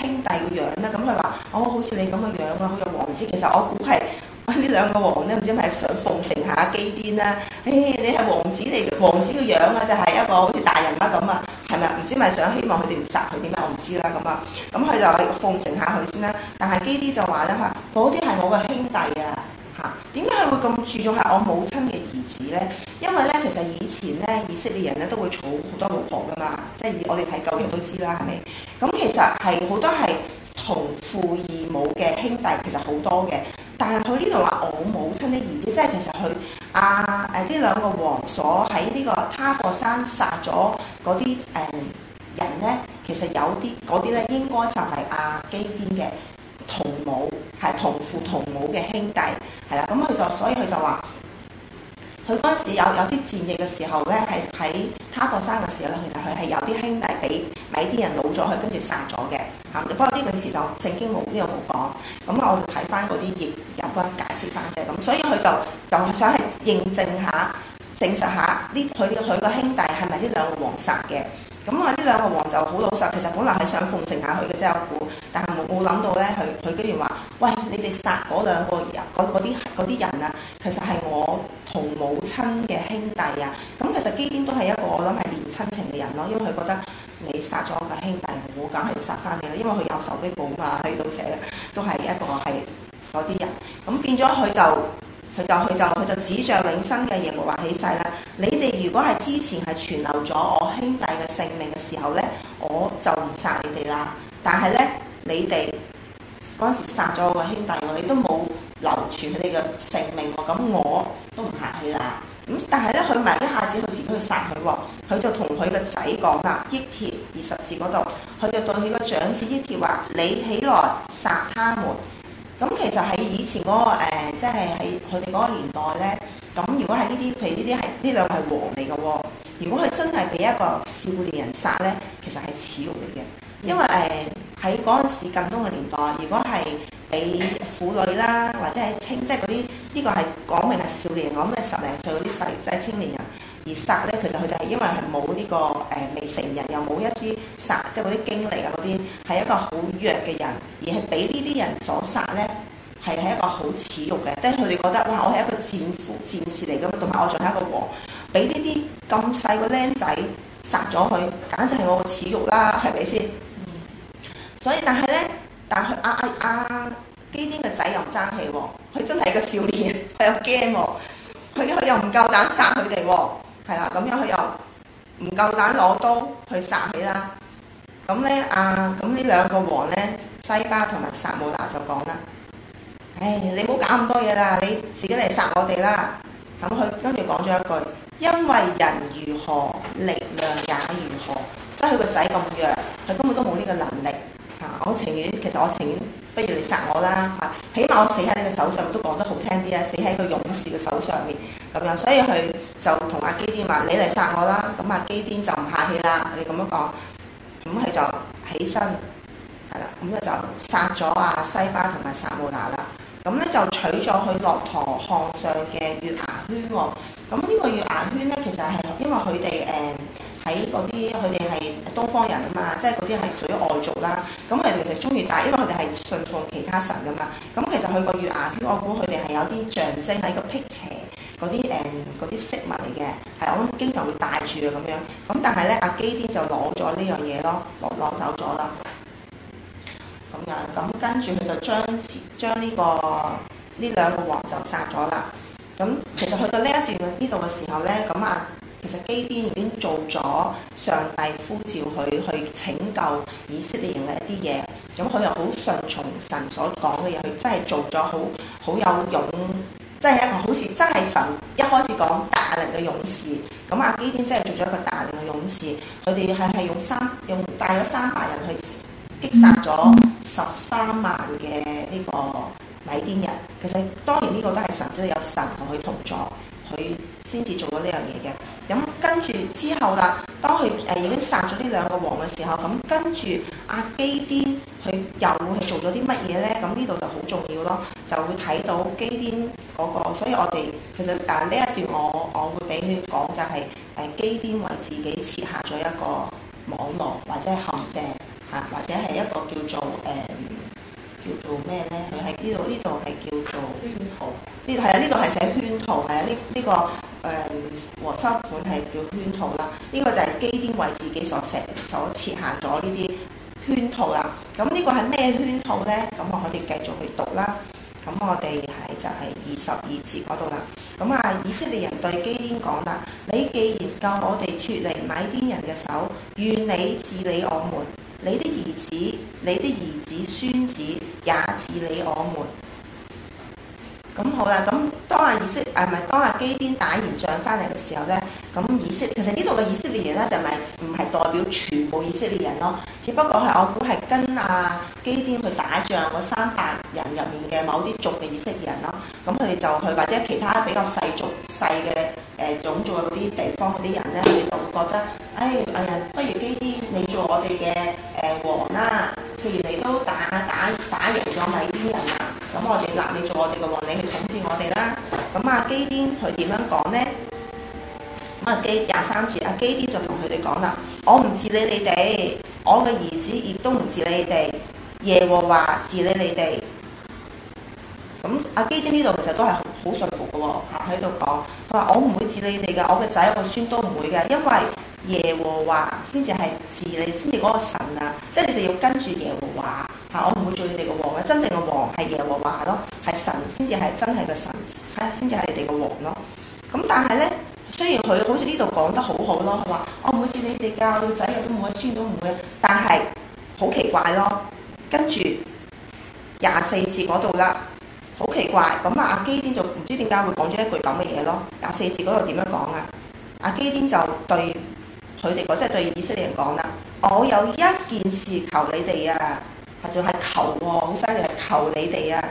誒兄弟個樣咧，咁佢話：哦，好似你咁嘅樣啊，好似王子。其實我估係呢兩個王咧，唔知係想奉承下基甸啦、啊。誒、哎，你係王子嚟，王子嘅樣啊，就係一個好似大人啊咁啊，係咪唔知咪想希望佢哋唔殺佢點解？我唔知啦咁啊。咁佢就奉承下佢先啦、啊。但係基甸就話咧：佢話嗰啲係我嘅兄弟啊。點解佢會咁注重係我母親嘅兒子咧？因為咧，其實以前咧，以色列人咧都會儲好多老婆㗎嘛，即係我哋睇舊約都知啦，係咪？咁、嗯、其實係好多係同父異母嘅兄弟，其實好多嘅。但係佢呢度話我母親嘅兒子，即係其實佢阿誒呢兩個王所喺呢個他泊山殺咗嗰啲誒人咧，其實有啲嗰啲咧應該就係阿、啊、基甸嘅。同母係同父同母嘅兄弟，係啦，咁佢就所以佢就話，佢嗰陣時有有啲戰役嘅時候咧，係喺他泊山嘅時候咧，其實佢係有啲兄弟俾米甸人擄咗，佢跟住殺咗嘅，嚇。不過呢個詞就聖經冇邊有冇講？咁我就睇翻嗰啲頁入邊解釋翻啫。咁所以佢就就想係認證下、證實下呢，佢佢個兄弟係咪呢兩個王殺嘅？咁啊！呢兩個王就好老實，其實本來係想奉承下佢嘅啫，我估，但係冇諗到咧，佢佢居然話：喂，你哋殺嗰兩個人，嗰啲啲人啊，其實係我同母親嘅兄弟啊。咁其實基甸都係一個我諗係連親情嘅人咯，啊，因為佢覺得你殺咗我個兄弟，我梗係要殺翻你啦，因為佢有仇必報嘛，喺度寫咧都係一個係嗰啲人，咁變咗佢就。佢就佢就佢就指着永生嘅耶和華起誓啦！你哋如果係之前係存留咗我兄弟嘅性命嘅時候咧，我就唔殺你哋啦。但係咧，你哋嗰陣時殺咗我兄弟喎，你都冇留傳佢哋嘅性命喎，咁我都唔客氣啦。咁但係咧，佢咪一下子佢自己去殺佢喎，佢就同佢嘅仔講啦，益帖二十節嗰度，佢就對佢個長子益帖話：你起來殺他們。咁其實喺以前嗰個誒，即係喺佢哋嗰個年代咧，咁如果係呢啲，譬如呢啲係呢兩係王嚟嘅喎。如果佢真係俾一個少年人殺咧，其實係恥辱嚟嘅。因為誒喺嗰陣時近東嘅年代，如果係俾婦女啦，或者係青，即係嗰啲呢個係講明係少年，講咩十零歲嗰啲細，即、就、係、是、青年人。而殺咧，其實佢哋係因為係冇呢個誒、呃、未成人，又冇一啲殺即係嗰啲經歷啊，嗰啲係一個好弱嘅人，而係俾呢啲人所殺咧，係係一個好恥辱嘅。即係佢哋覺得哇，我係一個戰夫戰士嚟嘅嘛，同埋我仲係一個王，俾呢啲咁細個僆仔殺咗佢，簡直係我個恥辱啦，係咪先？嗯、所以但係咧，但係阿阿阿基甸嘅仔又唔爭氣喎、啊，佢真係一個少年，佢 <laughs> 又驚喎、啊，佢佢又唔夠膽殺佢哋喎。係啦，咁樣佢又唔夠膽攞刀去殺佢啦。咁咧啊，咁呢兩個王呢，西巴同埋撒慕拿就講啦。唉、哎，你唔好搞咁多嘢啦，你自己嚟殺我哋啦。咁佢跟住講咗一句：因為人如何，力量也如何。即係佢個仔咁弱，佢根本都冇呢個能力。我情願，其實我情願，不如你殺我啦！嚇、啊，起碼我死喺你嘅手上，都講得好聽啲啊，死喺個勇士嘅手上面咁樣。所以佢就同阿基甸話、啊：你嚟殺我啦！咁阿基甸就唔客氣啦，你咁樣講，咁佢就起身，係啦，咁咧就殺咗阿西巴同埋撒慕拿啦。咁咧就取咗佢駱駝項上嘅月牙圈喎。咁呢個月牙圈咧，其實係因為佢哋誒。嗯喺嗰啲佢哋係東方人啊嘛，即係嗰啲係屬於外族啦。咁佢哋就中意戴，因為佢哋係信奉其他神噶嘛。咁其實佢個月牙圈，我估佢哋係有啲象徵喺個辟邪嗰啲誒嗰啲飾物嚟嘅，係我諗經常會戴住嘅咁樣。咁但係咧，阿基甸就攞咗呢樣嘢咯，攞攞走咗啦。咁樣咁跟住佢就將將呢個呢、呢個、兩個王就殺咗啦。咁其實去到呢一段嘅呢度嘅時候咧，咁啊～其實基甸已經做咗上帝呼召佢去拯救以色列人嘅一啲嘢，咁佢又好順從神所講嘅嘢，佢真係做咗好好有勇，即係一個好似真係神一開始講大力嘅勇士。咁阿基甸真係做咗一個大力嘅勇士。佢哋係係用三用大約三百人去擊殺咗十三萬嘅呢個米甸人。其實當然呢個都係神，即係有神同佢同在。佢先至做咗呢樣嘢嘅，咁跟住之後啦，當佢誒已經殺咗呢兩個王嘅時候，咁跟住阿基甸佢又會做咗啲乜嘢咧？咁呢度就好重要咯，就會睇到基甸嗰、那個，所以我哋其實誒呢一段我我會俾佢講就係、是、誒基甸為自己設下咗一個網絡或者陷阱嚇，或者係一個叫做誒。呃叫做咩咧？佢喺呢度，呢度係叫做圈套圖。呢度係啊，呢個係寫圈套，係啊，呢、這、呢個誒、呃、和修本係叫圈套啦。呢、這個就係基甸為自己所設所設下咗呢啲圈套啦。咁呢個係咩圈套咧？咁我哋繼續去讀啦。咁我哋係就係二十二節嗰度啦。咁啊，以色列人對基甸講啦：你既然救我哋脫離米甸人嘅手，願你治理我們。你的兒子、你的兒子孫子也似你我們咁好啦。咁當阿以色列，唔係當亞基甸打完仗翻嚟嘅時候咧，咁以色其實呢度嘅以色列人咧就咪唔係代表全部以色列人咯。只不過係我估係跟阿基甸去打仗嗰三百人入面嘅某啲族嘅以色列人咯，咁佢哋就去或者其他比較細族細嘅誒、呃、種族嗰啲地方嗰啲人咧，佢哋就會覺得誒誒、哎哎，不如基甸你做我哋嘅誒王啦。譬如你都打打打贏咗咪啲人啦，咁我哋立你做我哋嘅王，你去統治我哋啦。咁阿基甸佢點樣講咧？咁啊基廿三節，阿基甸就同佢哋講啦：我唔治理你哋。你我嘅兒子亦都唔治你哋，耶和華治理你哋。咁、啊、阿基甸呢度其實都係好信服嘅喎，喺度講，佢話我唔會治你哋嘅，我嘅仔我嘅孫都唔會嘅，因為耶和華先至係治你先至嗰個神啊，即係你哋要跟住耶和華嚇，我唔會做你哋嘅王、啊，真正嘅王係耶和華咯，係神先至係真係嘅神，嚇先至係你哋嘅王咯。咁但係咧。雖然佢好似呢度講得好好咯，佢話我唔會接你哋教仔嘅都冇孫都唔會，但係好奇怪咯。跟住廿四節嗰度啦，好奇怪咁啊！阿基甸就唔知點解會講咗一句咁嘅嘢咯。廿四節嗰度點樣講啊？阿基甸就對佢哋嗰即係對以色列人講啦，我有一件事求你哋啊，仲係求喎，好犀利，求你哋啊！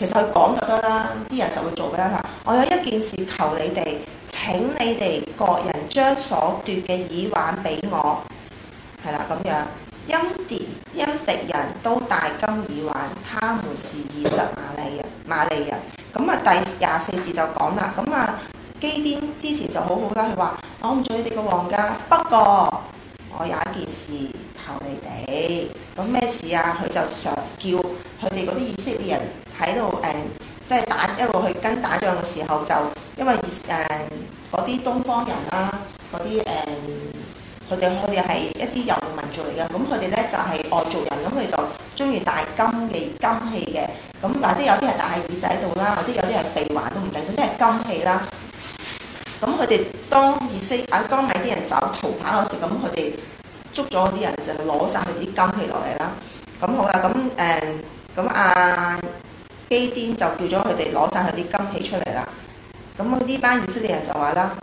其實佢講就得啦，啲人就會做噶啦嚇。我有一件事求你哋，請你哋各人將所奪嘅耳環俾我，係啦咁樣。因敵因敵人都戴金耳環，他們是以實瑪利人瑪利人。咁啊，第廿四節就講啦，咁啊基甸之前就好好啦，佢話我唔做你哋個皇家，不過。我有一件事求你哋，咁咩事啊？佢就常叫佢哋嗰啲以色列人喺度誒，即、嗯、係、就是、打一路去跟打仗嘅時候就，就因為誒嗰啲東方人啦、啊，嗰啲誒佢哋佢哋係一啲游牧民族嚟嘅，咁佢哋咧就係、是、外族人，咁佢就中意戴金嘅金器嘅，咁或者有啲係戴喺耳仔度啦，或者有啲係鼻環都唔定，即係金器啦。咁佢哋當以色列當埋啲人走逃跑嗰時，咁佢哋捉咗啲人就攞晒佢啲金器落嚟啦。咁、嗯、好啦，咁誒咁阿基甸就叫咗佢哋攞晒佢啲金器出嚟啦。咁、嗯、呢班以色列人就話啦：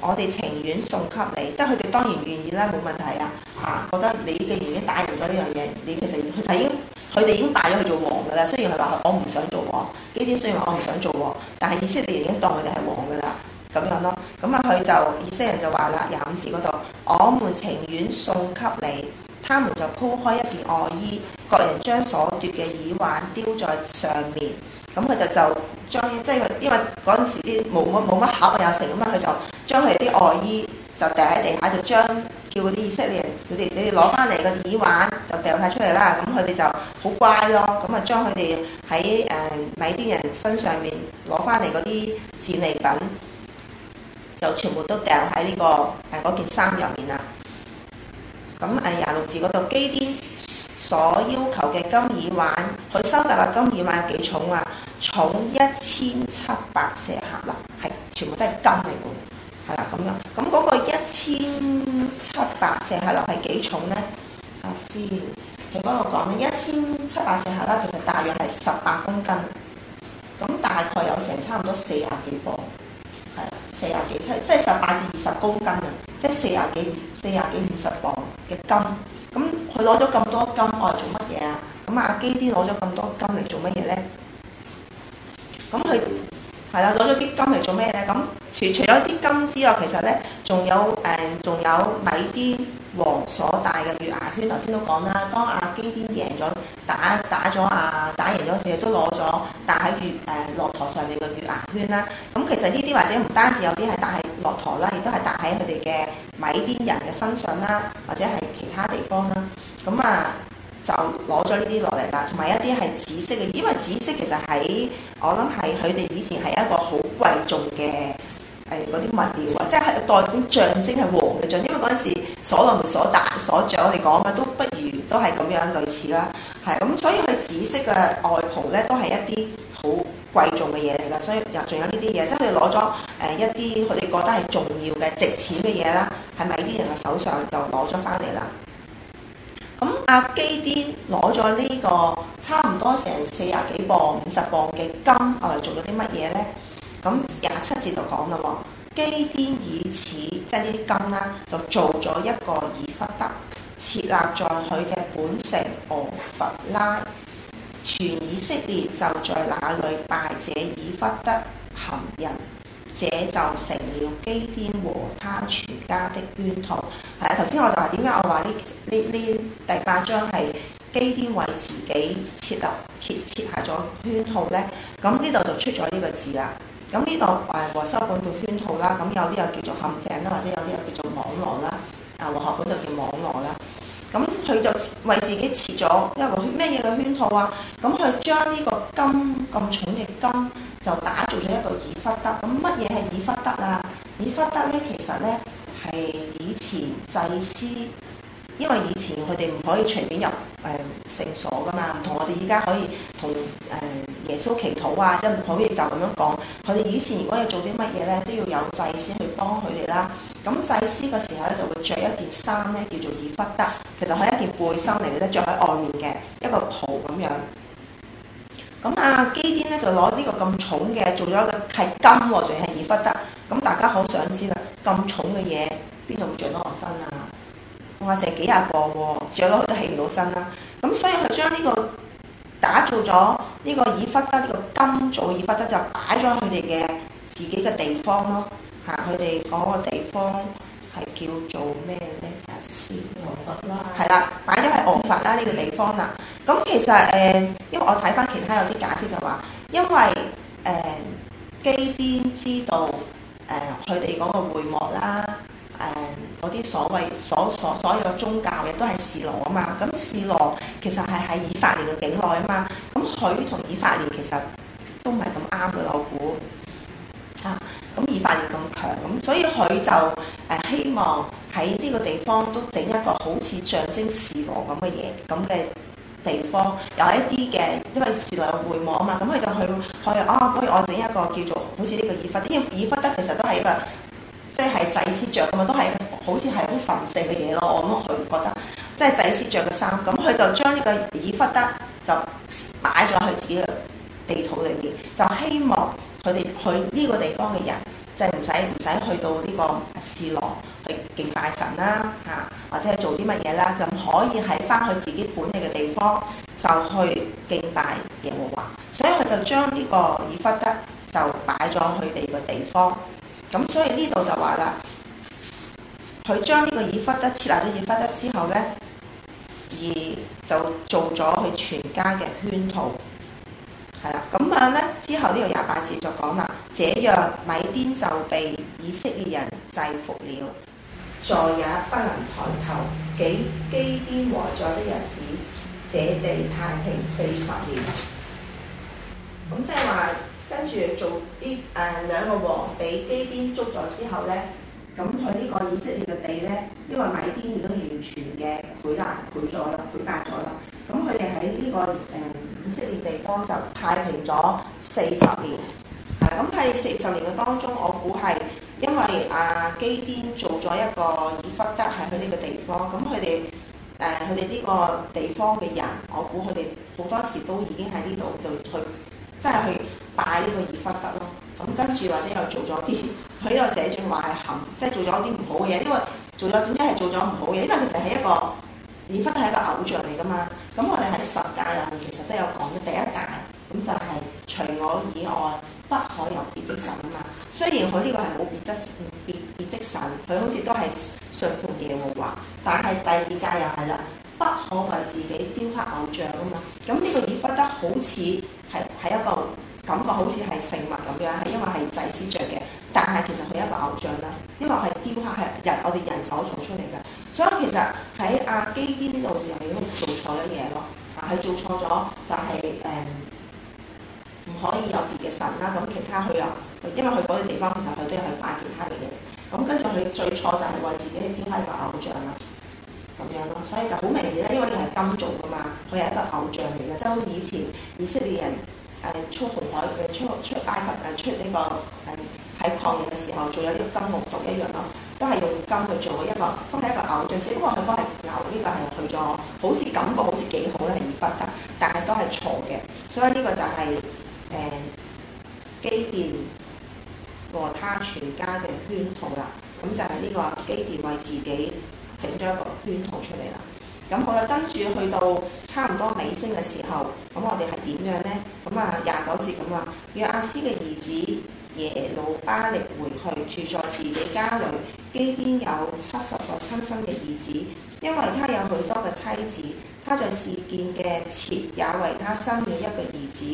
我哋情願送給你，即係佢哋當然願意啦，冇問題啊。嚇，覺得你嘅已經帶完咗呢樣嘢，你其實佢就已經佢哋已經拜咗佢做王噶啦。雖然係話我唔想做王，基甸雖然話我唔想做王，但係以色列人已經當佢哋係王噶啦。咁樣咯，咁啊佢就以色列人就話啦，廿五字嗰度，我們情願送給你。他們就鋪開一件外衣，各人將所奪嘅耳環丟在上面。咁佢就就將，即係因為嗰陣時啲冇乜冇乜盒啊，成咁啊，佢就將佢啲外衣就掉喺地下度，將叫嗰啲以色列人佢哋你哋攞翻嚟個耳環就掉晒出嚟啦。咁佢哋就好乖咯，咁啊將佢哋喺誒米甸人身上面攞翻嚟嗰啲戰利品就全部都掉喺呢個誒件衫入面啦。咁誒廿六字嗰度基甸所要求嘅金耳環，佢收集嘅金耳環有幾重啊？重一千七百舍客勒，係全部都係金嚟嘅，係啦咁樣。咁、那、嗰個一千七百舍客勒係幾重咧？阿師，你幫我講一千七百舍客勒其實大約係十八公斤。咁大概有成差唔多四十幾磅。係四十幾，即係即係十八至二十公斤啊！即係四十幾、四十幾五十磅嘅金，咁佢攞咗咁多金，我、哎、嚟做乜嘢啊？咁阿基甸攞咗咁多金嚟做乜嘢咧？咁佢係啦，攞咗啲金嚟做咩咧？咁除除咗啲金之外，其實咧仲有誒，仲、嗯、有米甸王所帶嘅月牙圈，頭先都講啦。當阿基甸贏咗。打打咗啊，打贏咗之後都攞咗，打喺月誒、呃、駱駝上面嘅月牙圈啦。咁其實呢啲或者唔單止有啲係打喺駱駝啦，亦都係打喺佢哋嘅米甸人嘅身上啦，或者係其他地方啦。咁啊，就攞咗呢啲落嚟啦，同埋一啲係紫色嘅，因為紫色其實喺我諗係佢哋以前係一個好貴重嘅。係嗰啲物料啊，即係代表象徵係黃嘅象徵，因為嗰陣時所用、所戴、所著，我哋講啊，都不如都係咁樣類似啦，係咁，所以佢紫色嘅外袍咧，都係一啲好貴重嘅嘢嚟㗎，所以又仲有呢啲嘢，即係佢哋攞咗誒一啲佢哋覺得係重要嘅、值錢嘅嘢啦，係咪啲人嘅手上就攞咗翻嚟啦？咁阿基甸攞咗呢個差唔多成四十幾磅、五十磅嘅金，我來做咗啲乜嘢咧？咁廿七節就講啦喎，基甸以此即係呢啲金啦、啊，就做咗一個以弗得，設立在佢嘅本城俄弗拉，全以色列就在那裡拜這以弗得行淫，這就成了基甸和他全家的圈套。係啊，頭先我就話點解我話呢呢呢第八章係基甸為自己設立設設下咗圈套呢。咁呢度就出咗呢個字啦。咁呢度誒和修本叫圈套啦，咁有啲又叫做陷阱啦，或者有啲又叫做網絡啦。啊和修本就叫網絡啦。咁佢就為自己設咗一個圈咩嘢嘅圈套啊？咁佢將呢個金咁重嘅金就打造咗一個以弗得。咁乜嘢係以弗得啊？以弗得咧其實咧係以前祭司，因為以前佢哋唔可以隨便入誒聖所㗎嘛，唔同我哋依家可以同誒。呃祈禱啊，即係好易就咁樣講。佢哋以前如果要做啲乜嘢咧，都要有祭先去幫佢哋啦。咁祭師嘅時候咧，就會着一件衫咧，叫做以弗得。其實係一件背心嚟嘅啫，着喺外面嘅一個袍咁樣。咁啊，基甸咧就攞呢個咁重嘅，做咗一係金喎，仲係以弗得。咁大家好想知啦，咁重嘅嘢邊度會着得落身啊？話成幾廿磅喎，落去都起唔到身啦，啊。咁所以佢將呢個打造咗呢個以弗得呢、這個金組以弗得就擺咗佢哋嘅自己嘅地方咯，嚇佢哋嗰個地方係叫做咩咧？阿師，係啦，擺咗喺俄弗拉呢個地方啦。咁、嗯嗯、其實誒、呃，因為我睇翻其他有啲解釋就話，因為誒、呃、基甸知道誒佢哋嗰個會幕啦。呃誒嗰啲所謂所所所有宗教嘅都係示羅啊嘛，咁示羅其實係喺以法蓮嘅境內啊嘛，咁佢同以法蓮其實都唔係咁啱嘅，我估吓，咁、啊、以法蓮咁強，咁所以佢就誒、呃、希望喺呢個地方都整一個好似象徵示羅咁嘅嘢，咁嘅地方有一啲嘅，因為示羅有會幕啊嘛，咁佢就去去啊，不如我整一個叫做好似呢個以法德。因為以法德其實都係一個。即係祭司着，嘅嘛，都係好似係好神聖嘅嘢咯。我諗佢覺得，即係祭司着嘅衫。咁佢就將呢個以弗得就擺咗喺自己嘅地土裏面，就希望佢哋去呢個地方嘅人，就唔使唔使去到呢個示羅去敬拜神啦，嚇或者做啲乜嘢啦，咁可以喺翻佢自己本地嘅地方就去敬拜耶和華喎。所以佢就將呢個以弗得就擺咗佢哋嘅地方。咁所以呢度就話啦，佢將呢個以弗得設立咗以弗得之後呢，而就做咗佢全家嘅圈套，係啦。咁樣呢，之後呢個廿八節就講啦，這樣米甸就被以色列人制服了，再也不能抬頭。幾基甸和在的日子，這地太平四十年。咁即係話。跟住做呢誒，兩個王俾基甸捉咗之後咧，咁佢呢個以色列嘅地咧，因為米甸亦都完全嘅潰爛潰咗啦，潰敗咗啦。咁佢哋喺呢個誒以色列地方就太平咗四十年。啊，咁喺四十年嘅當中，我估係因為啊基甸做咗一個以弗得喺佢呢個地方，咁佢哋誒佢哋呢個地方嘅人，我估佢哋好多時都已經喺呢度就退。真係去拜呢個以弗得咯，咁跟住或者又做咗啲，佢呢個寫住話係恨，即係、就是、做咗啲唔好嘅嘢。因為做咗，點解？係做咗唔好嘅嘢。因為其實係一個以弗得係一個偶像嚟噶嘛。咁我哋喺十誡入面其實都有講嘅，第一誡咁就係、是、除我以外不可有別的神啊嘛。雖然佢呢個係冇別得別別的神，佢好似都係信奉耶和華，但係第二誡又係啦，不可為自己雕刻偶像啊嘛。咁呢個以弗得好似。係係一個感覺好似係聖物咁樣，係因為係祭司着嘅，但係其實佢一個偶像啦，因為係雕刻係人，我哋人手做出嚟嘅，所以其實喺阿基堅呢度時候都做錯咗嘢咯。啊，佢做錯咗就係誒唔可以有別嘅神啦。咁其他佢又因為佢嗰啲地方其實佢都有去拜其他嘅嘢，咁跟住佢最錯就係為自己雕刻一個偶像啦。咁樣咯，所以就好明顯啦。因為你係金做噶嘛，佢係一個偶像嚟嘅，即係好似以前以色列人誒、哎、出紅海嘅出出埃及誒出呢、這個誒喺、哎、抗疫嘅時候做咗呢啲金木毒一樣咯，都係用金去做一個，都係一個偶像，只不過佢幫人牛呢、這個係去咗，好似感覺好似幾好咧，而不得，但係都係錯嘅，所以呢個就係、是、誒、欸、基甸和他全家嘅圈套啦，咁就係呢個基甸為自己整咗一個。圈套出嚟啦，咁我就跟住去到差唔多尾聲嘅時候，咁我哋係點樣呢？咁啊廿九節咁話，約阿斯嘅兒子耶路巴力回去住在自己家裏，基甸有七十個親生嘅兒子，因為他有許多嘅妻子，他在示劍嘅妾也為他生了一個兒子，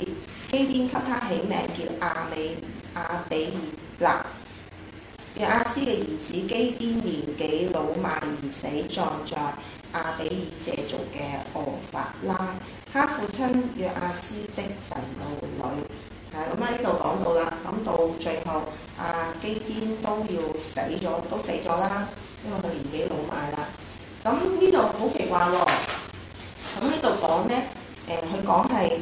基甸給他起名叫阿美阿比以拿。約阿斯嘅兒子基甸年紀老邁而死，葬在亞比以謝族嘅俄法拉，他父親約阿斯的墳墓、嗯嗯、裏、嗯。啊，咁喺呢度講到啦，咁到最後阿基甸都要死咗，都死咗啦，因為佢年紀老邁啦。咁呢度好奇怪喎、哦、咁、嗯嗯、呢度講咧，誒佢講係。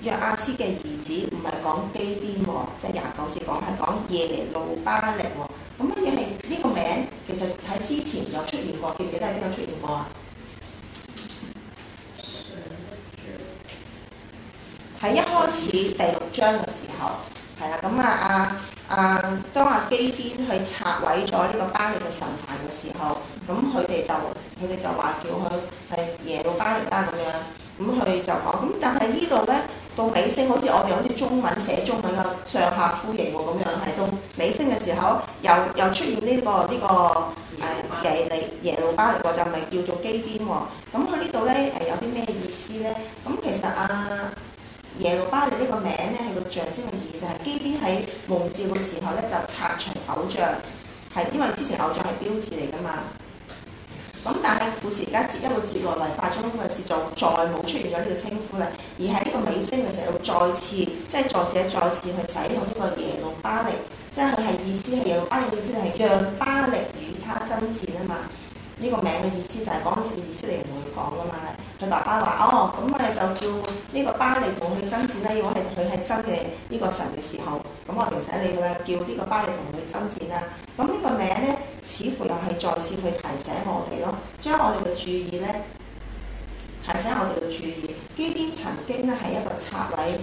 約阿斯嘅兒子唔係講基甸喎，即係廿九節講係講耶路巴力喎。咁乜嘢係呢個名？其實喺之前有出現過，記唔記得係邊度出現過啊？喺一開始第六章嘅時候，係啦，咁啊啊啊，當阿、啊、基甸去拆毀咗呢個巴力嘅神壇嘅時候，咁佢哋就佢哋就話叫佢係耶路巴力啦咁樣。咁佢就講，咁但係呢度咧到尾聲，好似我哋好似中文寫中文嘅上下呼應喎，咁樣喺到尾聲嘅時候，又又出現呢、呢個呢、呢個誒耶利耶路巴嚟喎、啊，就咪、是、叫做基甸喎。咁佢呢度咧誒有啲咩意思咧？咁其實啊，耶路巴力呢個名咧，係個象徵嘅意義就係、是、基甸喺蒙召嘅時候咧，就拆除偶像，係因為之前偶像係標誌嚟㗎嘛。咁、嗯、但係故事而家接一路接落嚟，發生嗰個事就再冇出現咗呢個稱呼啦，而喺呢個尾聲嘅時候，再次即係作者再次去使用呢個耶路巴力，即係係意思係用巴力嘅意思係讓巴力與他爭戰啊嘛。呢個名嘅意思就係嗰時，以色列唔會講噶嘛。佢爸爸話：哦，咁我哋就叫呢個巴利同佢爭戰啦。如果係佢係真嘅呢個神嘅時候，咁我哋唔使理㗎啦。叫呢個巴利同佢爭戰啦。咁呢個名咧，似乎又係再次去提醒我哋咯，將我哋嘅注意咧，提醒我哋嘅注意。基甸曾經咧係一個拆毀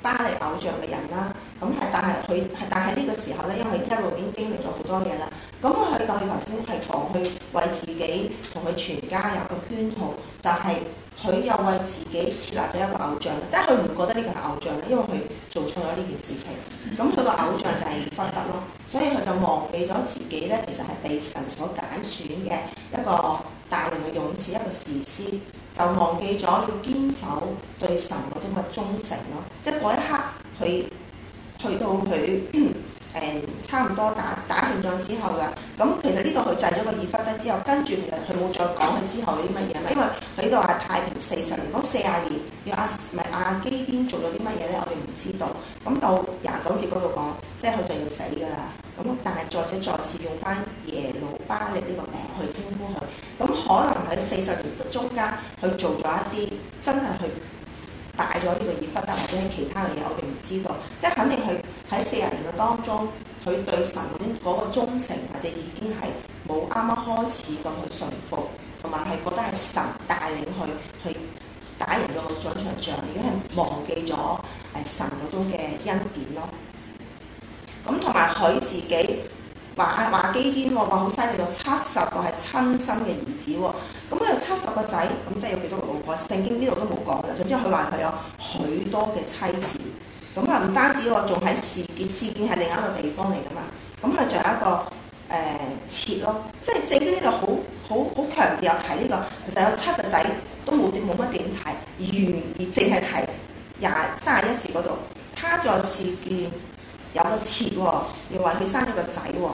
巴利偶像嘅人啦，咁係但係佢係但係呢個時候咧，因為一路已經經歷咗好多嘢啦。咁佢去到，頭先係講去為自己同佢全家有個圈套，就係佢又為自己設立咗一個偶像，即係佢唔覺得呢個係偶像咧，因為佢做錯咗呢件事情。咁佢個偶像就係以弗得咯，所以佢就忘記咗自己咧，其實係被神所揀選嘅一個大能嘅勇士，一個士師，就忘記咗要堅守對神嗰種嘅忠誠咯。即係嗰一刻，佢去到佢。 <coughs> 誒差唔多打打勝仗之後啦，咁其實呢個佢掙咗個以弗得之後，跟住其實佢冇再講佢之後有啲乜嘢嘛，因為佢呢度係太平四十年，嗰四十年，要阿係基甸做咗啲乜嘢咧？我哋唔知道。咁到廿九節嗰度講，即係佢就要死㗎啦。咁但係作者再次用翻耶路巴力呢個名去稱呼佢，咁可能喺四十年中間做去做咗一啲真係去。大咗呢個業分，或者係其他嘅嘢，我哋唔知道。即係肯定佢喺四十年嘅當中，佢對神嗰個忠誠或者已經係冇啱啱開始咁去順服，同埋係覺得係神帶領佢去打贏個場場仗，已經係忘記咗係神嗰種嘅恩典咯。咁同埋佢自己話話基甸喎，話好犀利，有七十個係親生嘅兒子喎。七個仔，咁即係有幾多個老婆？聖經呢度都冇講嘅，總之佢話佢有許多嘅妻子，咁啊唔單止我做喺示劍，示劍係另一個地方嚟噶嘛，咁佢仲有一個誒妾，呃、咯，即係聖經呢度好好好強調提呢、這個，其實有七個仔都冇冇乜點提，而而淨係提廿三十一節嗰度，他在示劍有個妾喎，要話佢生一個仔喎，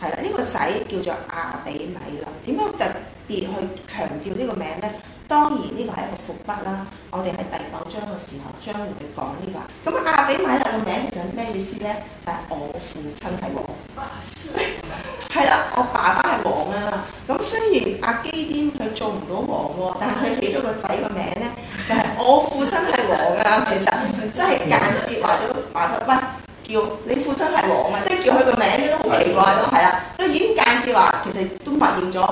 係啦，呢、這個仔叫做亞比米勒，點解別去強調呢個名咧，當然呢個係一個伏筆啦。我哋喺第九章嘅時候將會講呢、這個。咁、啊、亞比米勒嘅名其實咩意思咧？就係、是、我父親係王，係 <laughs> 啦，我爸爸係王啊。咁雖然阿基甸佢做唔到王喎、啊，但係佢起咗個仔嘅名咧，就係、是、我父親係王啊。其實即係間接話咗話咗佢喂叫你父親係王啊？即、就、係、是、叫佢個名咧都好奇怪，都係啦，都的已經間接話其實都默認咗。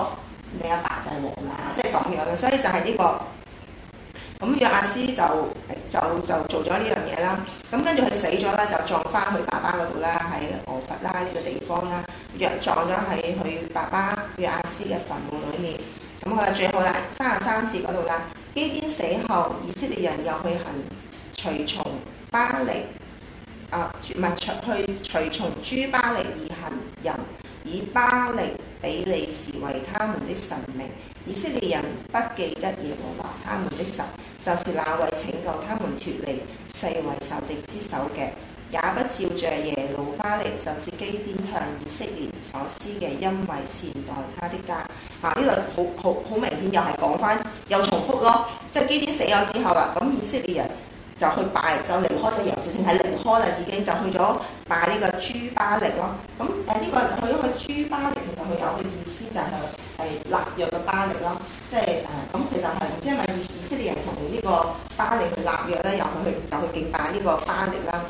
你阿爸就係王嘛，即係講咁樣，所以就係呢個咁約阿施就就就做咗呢樣嘢啦。咁跟住佢死咗咧，就葬翻去爸爸嗰度啦，喺俄弗拉呢個地方啦，約葬咗喺佢爸爸約阿施嘅墳墓裏面。咁佢最後啦，三十三節嗰度啦，基甸死後，以色列人又去行隨從巴力啊，唔係去隨從諸巴力而行淫。以巴力比利是為他們的神明，以色列人不記得耶和華他們的神，就是那位拯救他們脱離四圍仇敵之手嘅，也不照着耶路巴力就是基甸向以色列所施嘅恩惠善待他的家。啊，呢個好好好明顯又係講返，又重複咯，即係基甸死咗之後啦，咁以色列人就去拜，就離開咗耶和華，淨係離開啦，已經就去咗。拜呢個豬巴力咯，咁誒呢個去咗個豬巴力，其實佢有個意思就係係立約嘅巴力咯，即係誒咁其實係，唔知係咪以色列人同呢個巴力去立約咧？又去又去敬拜呢個巴力啦，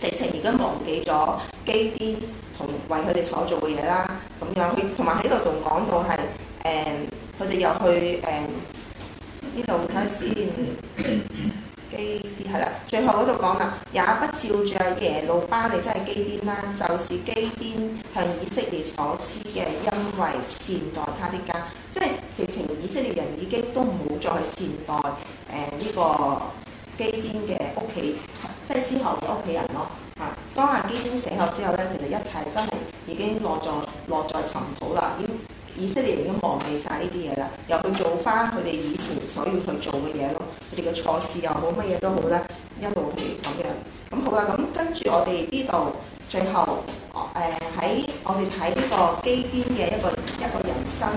直情而家忘記咗基甸同為佢哋所做嘅嘢啦，咁樣佢同埋喺度仲講到係誒佢哋又去誒，呢度睇先。基甸係啦，最後嗰度講啦，也不照住阿耶路巴力，真係基甸啦，就是基甸向以色列所施嘅，因為善待他的家，即係直情以色列人已經都冇再善待誒呢、呃這個基甸嘅屋企，即係之後嘅屋企人咯嚇、啊。當阿基甸死後之後咧，其實一切真係已經落咗，落在塵土啦。咁。以色列已經忘記晒呢啲嘢啦，又去做翻佢哋以前所要去做嘅嘢咯。佢哋嘅錯事又好，乜嘢都好啦，一路係咁樣。咁好啦，咁跟住我哋呢度最後，誒、呃、喺我哋睇呢個基甸嘅一個一個人生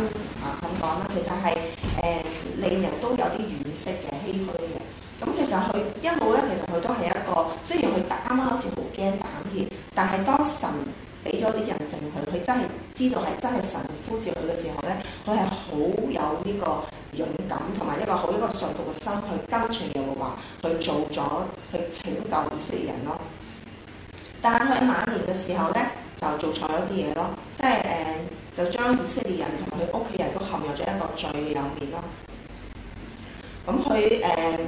啊，咁講啦，其實係誒、呃、令人都有啲惋惜嘅唏噓嘅。咁其實佢一路咧，其實佢都係一個，雖然佢啱啱好似好驚膽怯，但係當神。俾咗啲印證佢，佢真係知道係真係神呼召佢嘅時候咧，佢係好有呢個勇敢同埋一個好一個信服嘅心去跟隨耶和華嘅話，去做咗去拯救以色列人咯。但係佢晚年嘅時候咧，就做錯咗啲嘢咯，即係誒就將以色列人同埋佢屋企人都陷入咗一個罪入面咯。咁佢誒。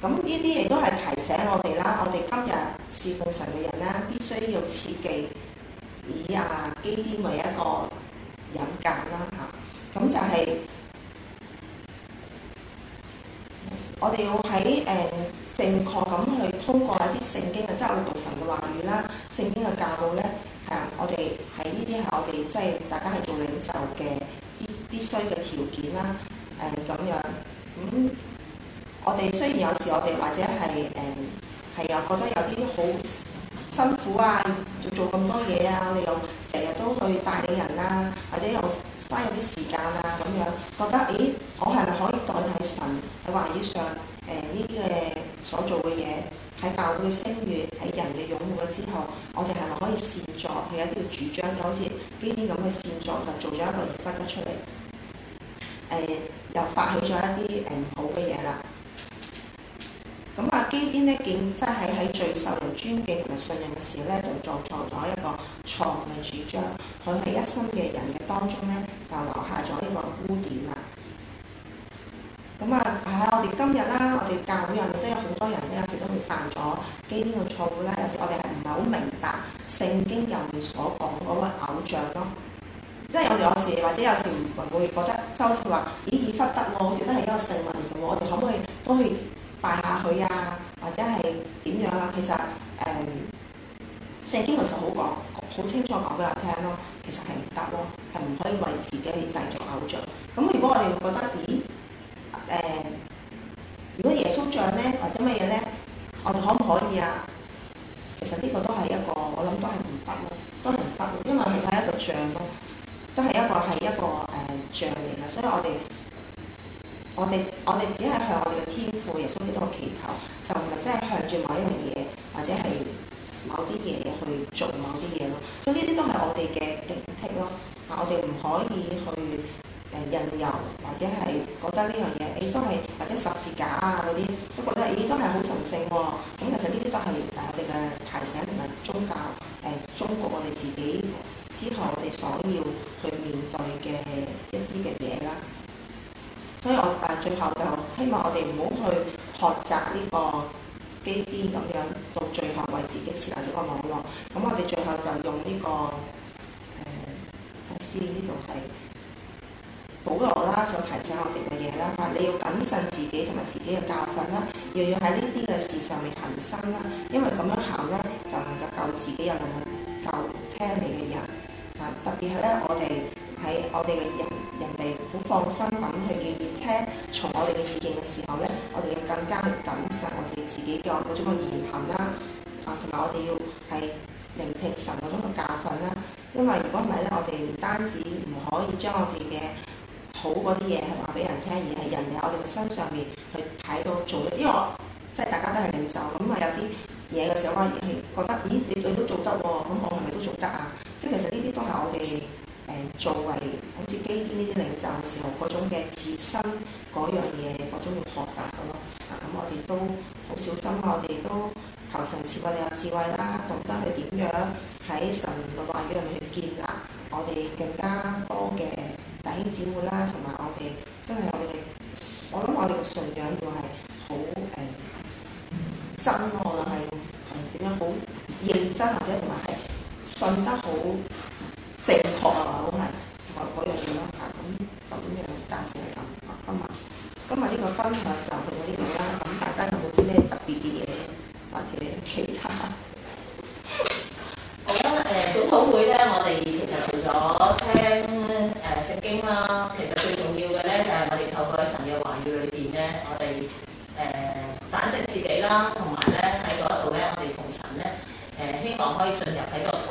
咁呢啲亦都係提醒我哋啦，我哋今日侍奉神嘅人啦，必須要切記以啊基甸為一個引徑啦嚇。咁、啊、就係我哋要喺誒、嗯、正確咁去通過一啲聖經嘅即係我哋讀神嘅話語啦，聖經嘅教導咧，誒、啊、我哋喺呢啲係我哋即係大家係做領袖嘅必必須嘅條件啦，誒、啊、咁樣咁。嗯我哋雖然有時我哋或者係誒係又覺得有啲好辛苦啊，做咁多嘢啊，我哋又成日都去帶領人啦、啊，或者又嘥咗啲時間啊咁樣，覺得咦、欸，我係咪可以代替神喺話語上誒呢啲嘅所做嘅嘢？喺教會嘅聲譽喺人嘅擁護之後，我哋係咪可以善作？係有啲主張，就好似呢啲咁嘅善作就做咗一個而窟得出嚟，誒、嗯、又發起咗一啲誒唔好嘅嘢啦。咁啊，基甸咧，竟真係喺最受人尊敬同埋信任嘅時候咧，就做錯咗一個錯誤嘅主張。佢喺一生嘅人嘅當中咧，就留下咗呢個污點啦。咁啊，喺我哋今日啦，我哋教會入面都有好多人都有時都會犯咗基甸嘅錯誤啦。有時我哋係唔係好明白聖經入面所講嗰個偶像咯？即係我哋有時或者有時會覺得，好似話咦，以弗得我好似都係一個聖物，我哋可唔可以都去？拜下佢啊，或者係點樣啊？其實誒、嗯，聖經其實好講，好清楚講俾我聽咯。其實係唔得咯，係唔可以為自己去製造偶像。咁如果我哋覺得，咦誒、呃，如果耶穌像咧，或者乜嘢咧，我哋可唔可以啊？其實呢個都係一個，我諗都係唔得咯，都係唔得，因為佢係一個像咯，都係一個係一個誒像嚟嘅，所以我哋。我哋我哋只係向我哋嘅天父耶穌基督祈求，就唔係真係向住某一樣嘢，或者係某啲嘢去做某啲嘢咯。所以呢啲都係我哋嘅警惕咯。嗱，我哋唔可以去誒人遊，或者係覺得呢樣嘢，誒都係或者十字架啊嗰啲，都覺得咦都係好神聖喎。咁其實呢啲都係我哋嘅提醒同埋宗教誒中國我哋自己之後我哋所要去面對嘅。所以我誒最後就希望我哋唔好去學習呢個基甸咁樣，到最後為自己設立咗個網絡。咁我哋最後就用呢、這個誒，睇先呢度係保羅啦，所提醒我哋嘅嘢啦。你要謹慎自己同埋自己嘅教訓啦，又要喺呢啲嘅事上面恆心啦。因為咁樣行咧，就能夠救自己，又能夠救聽你嘅人。特別係咧，我哋。喺我哋嘅人人哋好放心咁去願意聽，從我哋嘅意見嘅時候咧，我哋要更加去感受我哋自己嘅嗰種嘅言行啦。啊，同埋我哋要係聆聽神嗰種嘅教訓啦。因為如果唔係咧，我哋唔單止唔可以將我哋嘅好嗰啲嘢係話俾人聽，而係人哋喺我哋嘅身上面去睇到做一啲。因為即係大家都係領袖咁啊，有啲嘢嘅時候咧係覺得咦，你你都做得喎，咁我係咪都做得啊？即係其實呢啲都係我哋。誒，作為好似基甸呢啲領袖時候嗰種嘅自身嗰樣嘢，嗰種嘅學習嘅咯，咁我哋都好小心啊！我哋都求神賜我哋有智慧啦，懂得去點樣喺神嘅話語入面建立我哋更加多嘅弟兄姊妹啦，同埋我哋真係我哋，我諗我哋嘅信仰要係好誒真愛，係點樣好認真，或者同埋係信得好正確啊，好係嗰樣嘢咯。咁咁樣暫時係咁。今日今日呢個分享就到呢度啦。咁大家有冇啲咩特別嘅嘢或者其他？我覺得誒早禱會咧，我哋其實除咗聽誒聖、嗯、經啦、啊，其實最重要嘅咧就係我哋透過神嘅話語裏邊咧，我哋誒、嗯、反省自己啦，同埋咧喺嗰度咧，我哋同神咧誒、嗯、希望可以進入喺個。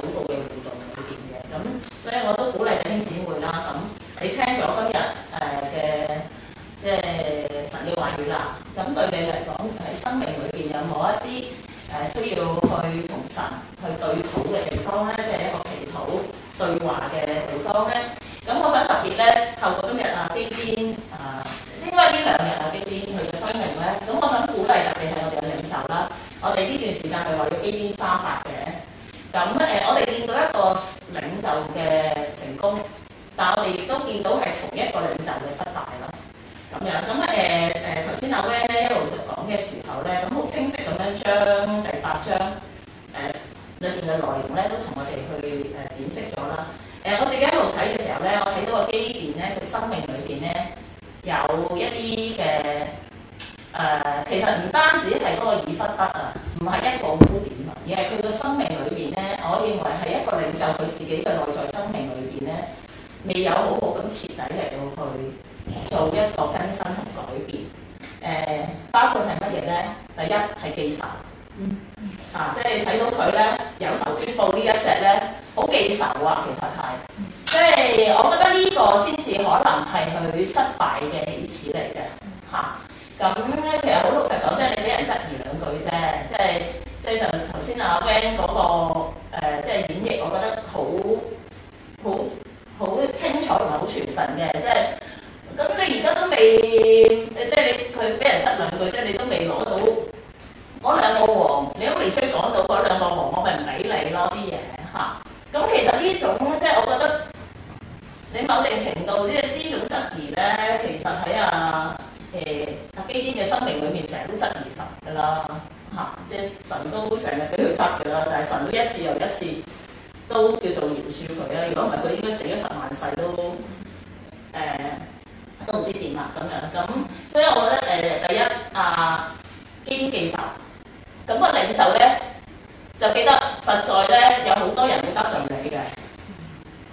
你某定程度即係呢種質疑咧，其實喺阿誒阿基甸嘅生命裏面，成日都質疑神噶啦，嚇、啊，即係神都成日俾佢質噶啦。但係神都一次又一次都叫做饒恕佢啊！如果唔係，佢應該死咗十萬世都誒、呃，都唔知點啊咁樣。咁所以我覺得誒、呃，第一阿、啊、基甸記仇，咁個領袖咧就記得，實在咧有好多人會得罪你嘅。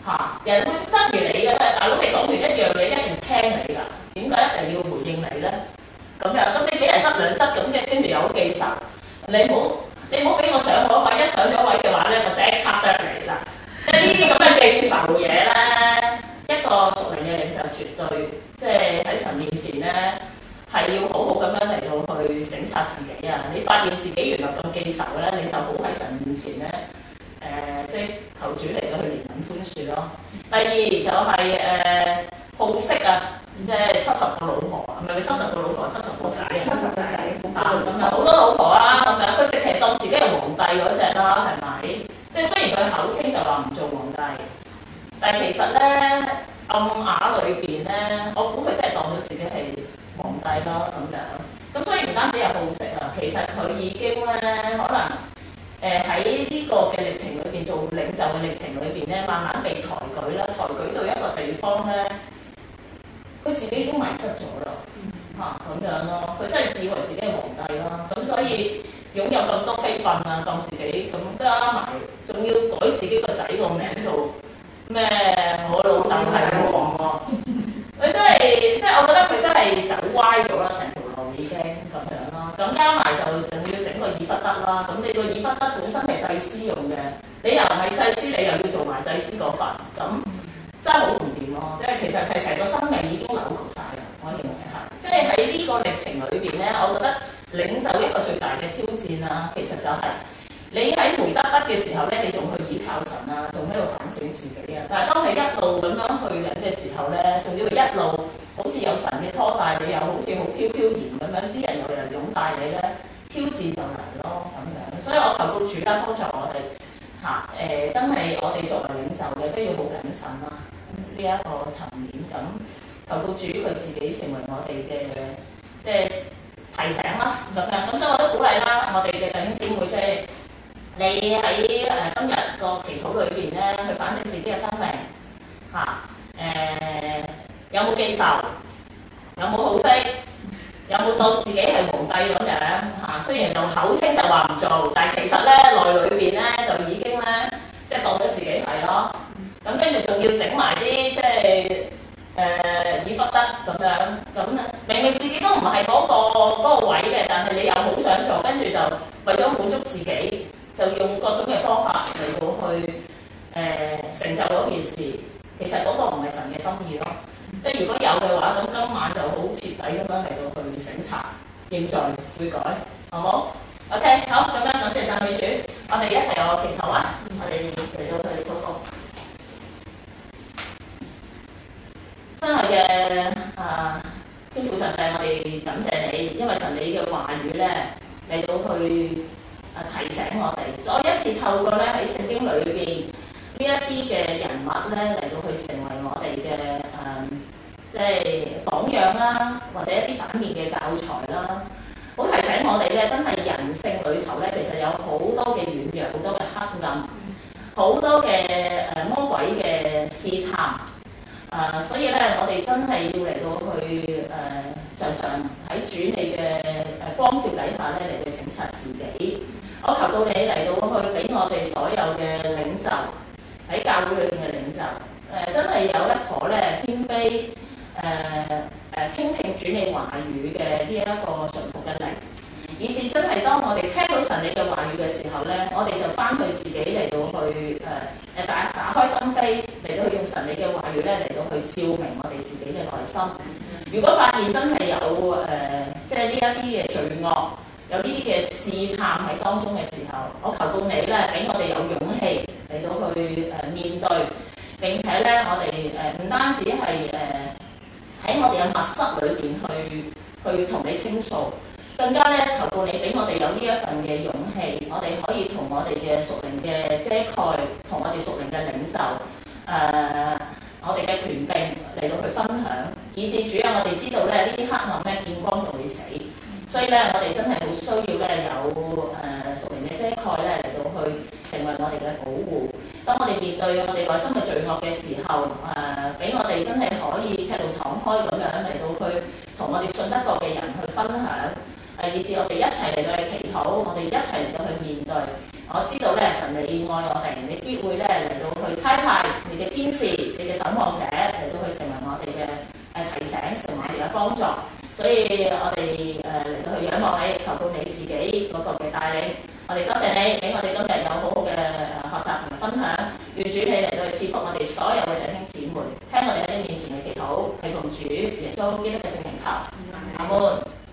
嚇、啊！人會質於你嘅，大佬你講完一樣嘢，一定聽你噶。點解一定要回應你咧？咁又咁，你俾人質兩質咁嘅，跟住又好記仇。你好，你好俾我上咗位，一上咗位嘅話咧，我即刻得嚟啦。即係呢啲咁嘅記仇嘢咧，一個熟靈嘅你就絕對即係喺神面前咧，係要好好咁樣嚟到去省察自己啊！你發現自己原來咁記仇咧，你就好喺神面前咧。誒、呃，即係求主嚟到去年揾寬恕咯。第二就係誒好色啊，即係七十個老婆啊，唔係七十個老婆，七十個仔啊，七十個仔啊，咁啊好多老婆啊。咁樣佢直情當自己係皇帝嗰隻啦、啊，係咪？即係雖然佢口稱就話唔做皇帝，但係其實咧暗啞裏邊咧，我估佢真係當咗自己係皇帝啦、啊，咁樣。咁所以唔單止係好色啊，其實佢已經咧可能。誒喺呢個嘅歷程裏邊，做領袖嘅歷程裏邊咧，慢慢被抬舉啦，抬舉到一個地方咧，佢自己已經迷失咗啦，嚇咁樣咯，佢真係自以為自己係皇帝啦，咁所以擁有咁多妃嬪啊，當自己咁加埋，仲要改自己個仔個名做咩？我老豆係皇帝，佢真係即係我覺得佢真係走歪咗啦，成條路已經咁樣。咁加埋就就要整個以弗得啦，咁你個以弗得本身係祭司用嘅，你又唔係祭司，你又要做埋祭司嗰份，咁真係好唔掂咯，即係其實係成個生命已經扭曲晒嘅，我認為係。即係喺呢個歷程裏邊咧，我覺得領袖一個最大嘅挑戰啊，其實就係你喺梅德德嘅時候咧，你仲去倚靠神啊，仲喺度反省自己啊，但係當你一路咁樣去緊嘅時候咧，仲要一路。好似有神嘅拖帶你，又好似好飄飄然咁樣，啲人又嚟擁戴你咧，挑戰就嚟咯咁樣。所以我求告主咧，幫助我哋嚇誒，真係我哋作為領袖嘅，即係要好謹慎啦呢一個層面。咁、嗯、求告主佢自己成為我哋嘅即係提醒啦咁啊。咁、嗯嗯、所以我都鼓勵啦、啊，我哋嘅弟兄姊妹即係你喺是誒、呃、今日個祈禱裏邊咧，去反省自己嘅生命嚇誒。啊呃有冇記仇？有冇好色？有冇當自己係皇帝咁樣嚇？雖然就口稱就話唔做，但係其實咧內裏邊咧就已經咧即係當咗自己係咯。咁跟住仲要整埋啲即係誒爾不得咁樣咁啊、嗯！明明自己都唔係嗰個嗰個位嘅，但係你又好想做，跟住就為咗滿足自己，就用各種嘅方法嚟到去誒、呃、成就嗰件事。其實嗰個唔係神嘅心意咯。即係如果有嘅話，咁今晚就好徹底咁樣嚟到去省察、認罪、悔改，好冇？OK，好，咁樣感謝讚美主，我哋一齊有個祈禱，我哋嚟到佢哋嗰個真係嘅啊天父上帝，我哋感謝你，因為神你嘅話語咧嚟到去啊提醒我哋，再一次透過咧喺聖經裏面。呢一啲嘅人物咧嚟到去成為我哋嘅誒，即係榜樣啦，或者一啲反面嘅教材啦。好提醒我哋咧，真係人性裏頭咧，其實有好多嘅軟弱，好多嘅黑暗，好多嘅誒魔鬼嘅試探。誒、呃，所以咧，我哋真係要嚟到去誒，常常喺主你嘅誒光照底下咧嚟到省察自己。我求到你嚟到去俾我哋所有嘅領袖。喺教會裏邊嘅領袖，誒、呃、真係有一顆咧謙卑，誒誒傾聽主你話語嘅呢一個信徒嘅嚟，以致真係當我哋聽到神你嘅話語嘅時候咧，我哋就翻去自己嚟到去誒誒、呃、打打開心扉，嚟到去用神你嘅話語咧嚟到去照明我哋自己嘅內心。如果發現真係有誒、呃，即係呢一啲嘅罪惡，有呢啲嘅試探喺當中嘅時候，我求告你咧，俾我哋有勇氣。嚟到去誒面對，並且咧我哋誒唔單止係誒喺我哋嘅密室裏邊去去同你傾訴，更加咧透過你俾我哋有呢一份嘅勇氣，我哋可以同我哋嘅屬靈嘅遮蓋，同我哋屬靈嘅領袖誒、呃，我哋嘅權柄嚟到去分享，以至主要我哋知道咧呢啲黑暗咧見光就會死，所以咧我哋真係好需要咧有誒、呃、屬靈嘅遮蓋咧嚟到去。成為我哋嘅保護。當我哋面對我哋內心嘅罪惡嘅時候，誒、呃、俾我哋真係可以赤露敞開咁樣嚟到去同我哋信得過嘅人去分享。以至我哋一齊嚟到去祈禱，我哋一齊嚟到去面對。我知道咧，神你愛我哋，你必會咧嚟到去差派你嘅天使、你嘅守望者嚟到去成為我哋嘅誒提醒、成為我哋嘅幫助。所以我，我哋誒嚟到去仰望喺求到你自己，求求你帶領。我哋多謝你俾我哋今日有好好嘅學習同分享，願主你嚟到賜福我哋所有嘅弟兄姊妹，聽我哋喺你面前嘅祈禱，係奉主耶穌基督嘅聖名下，阿門。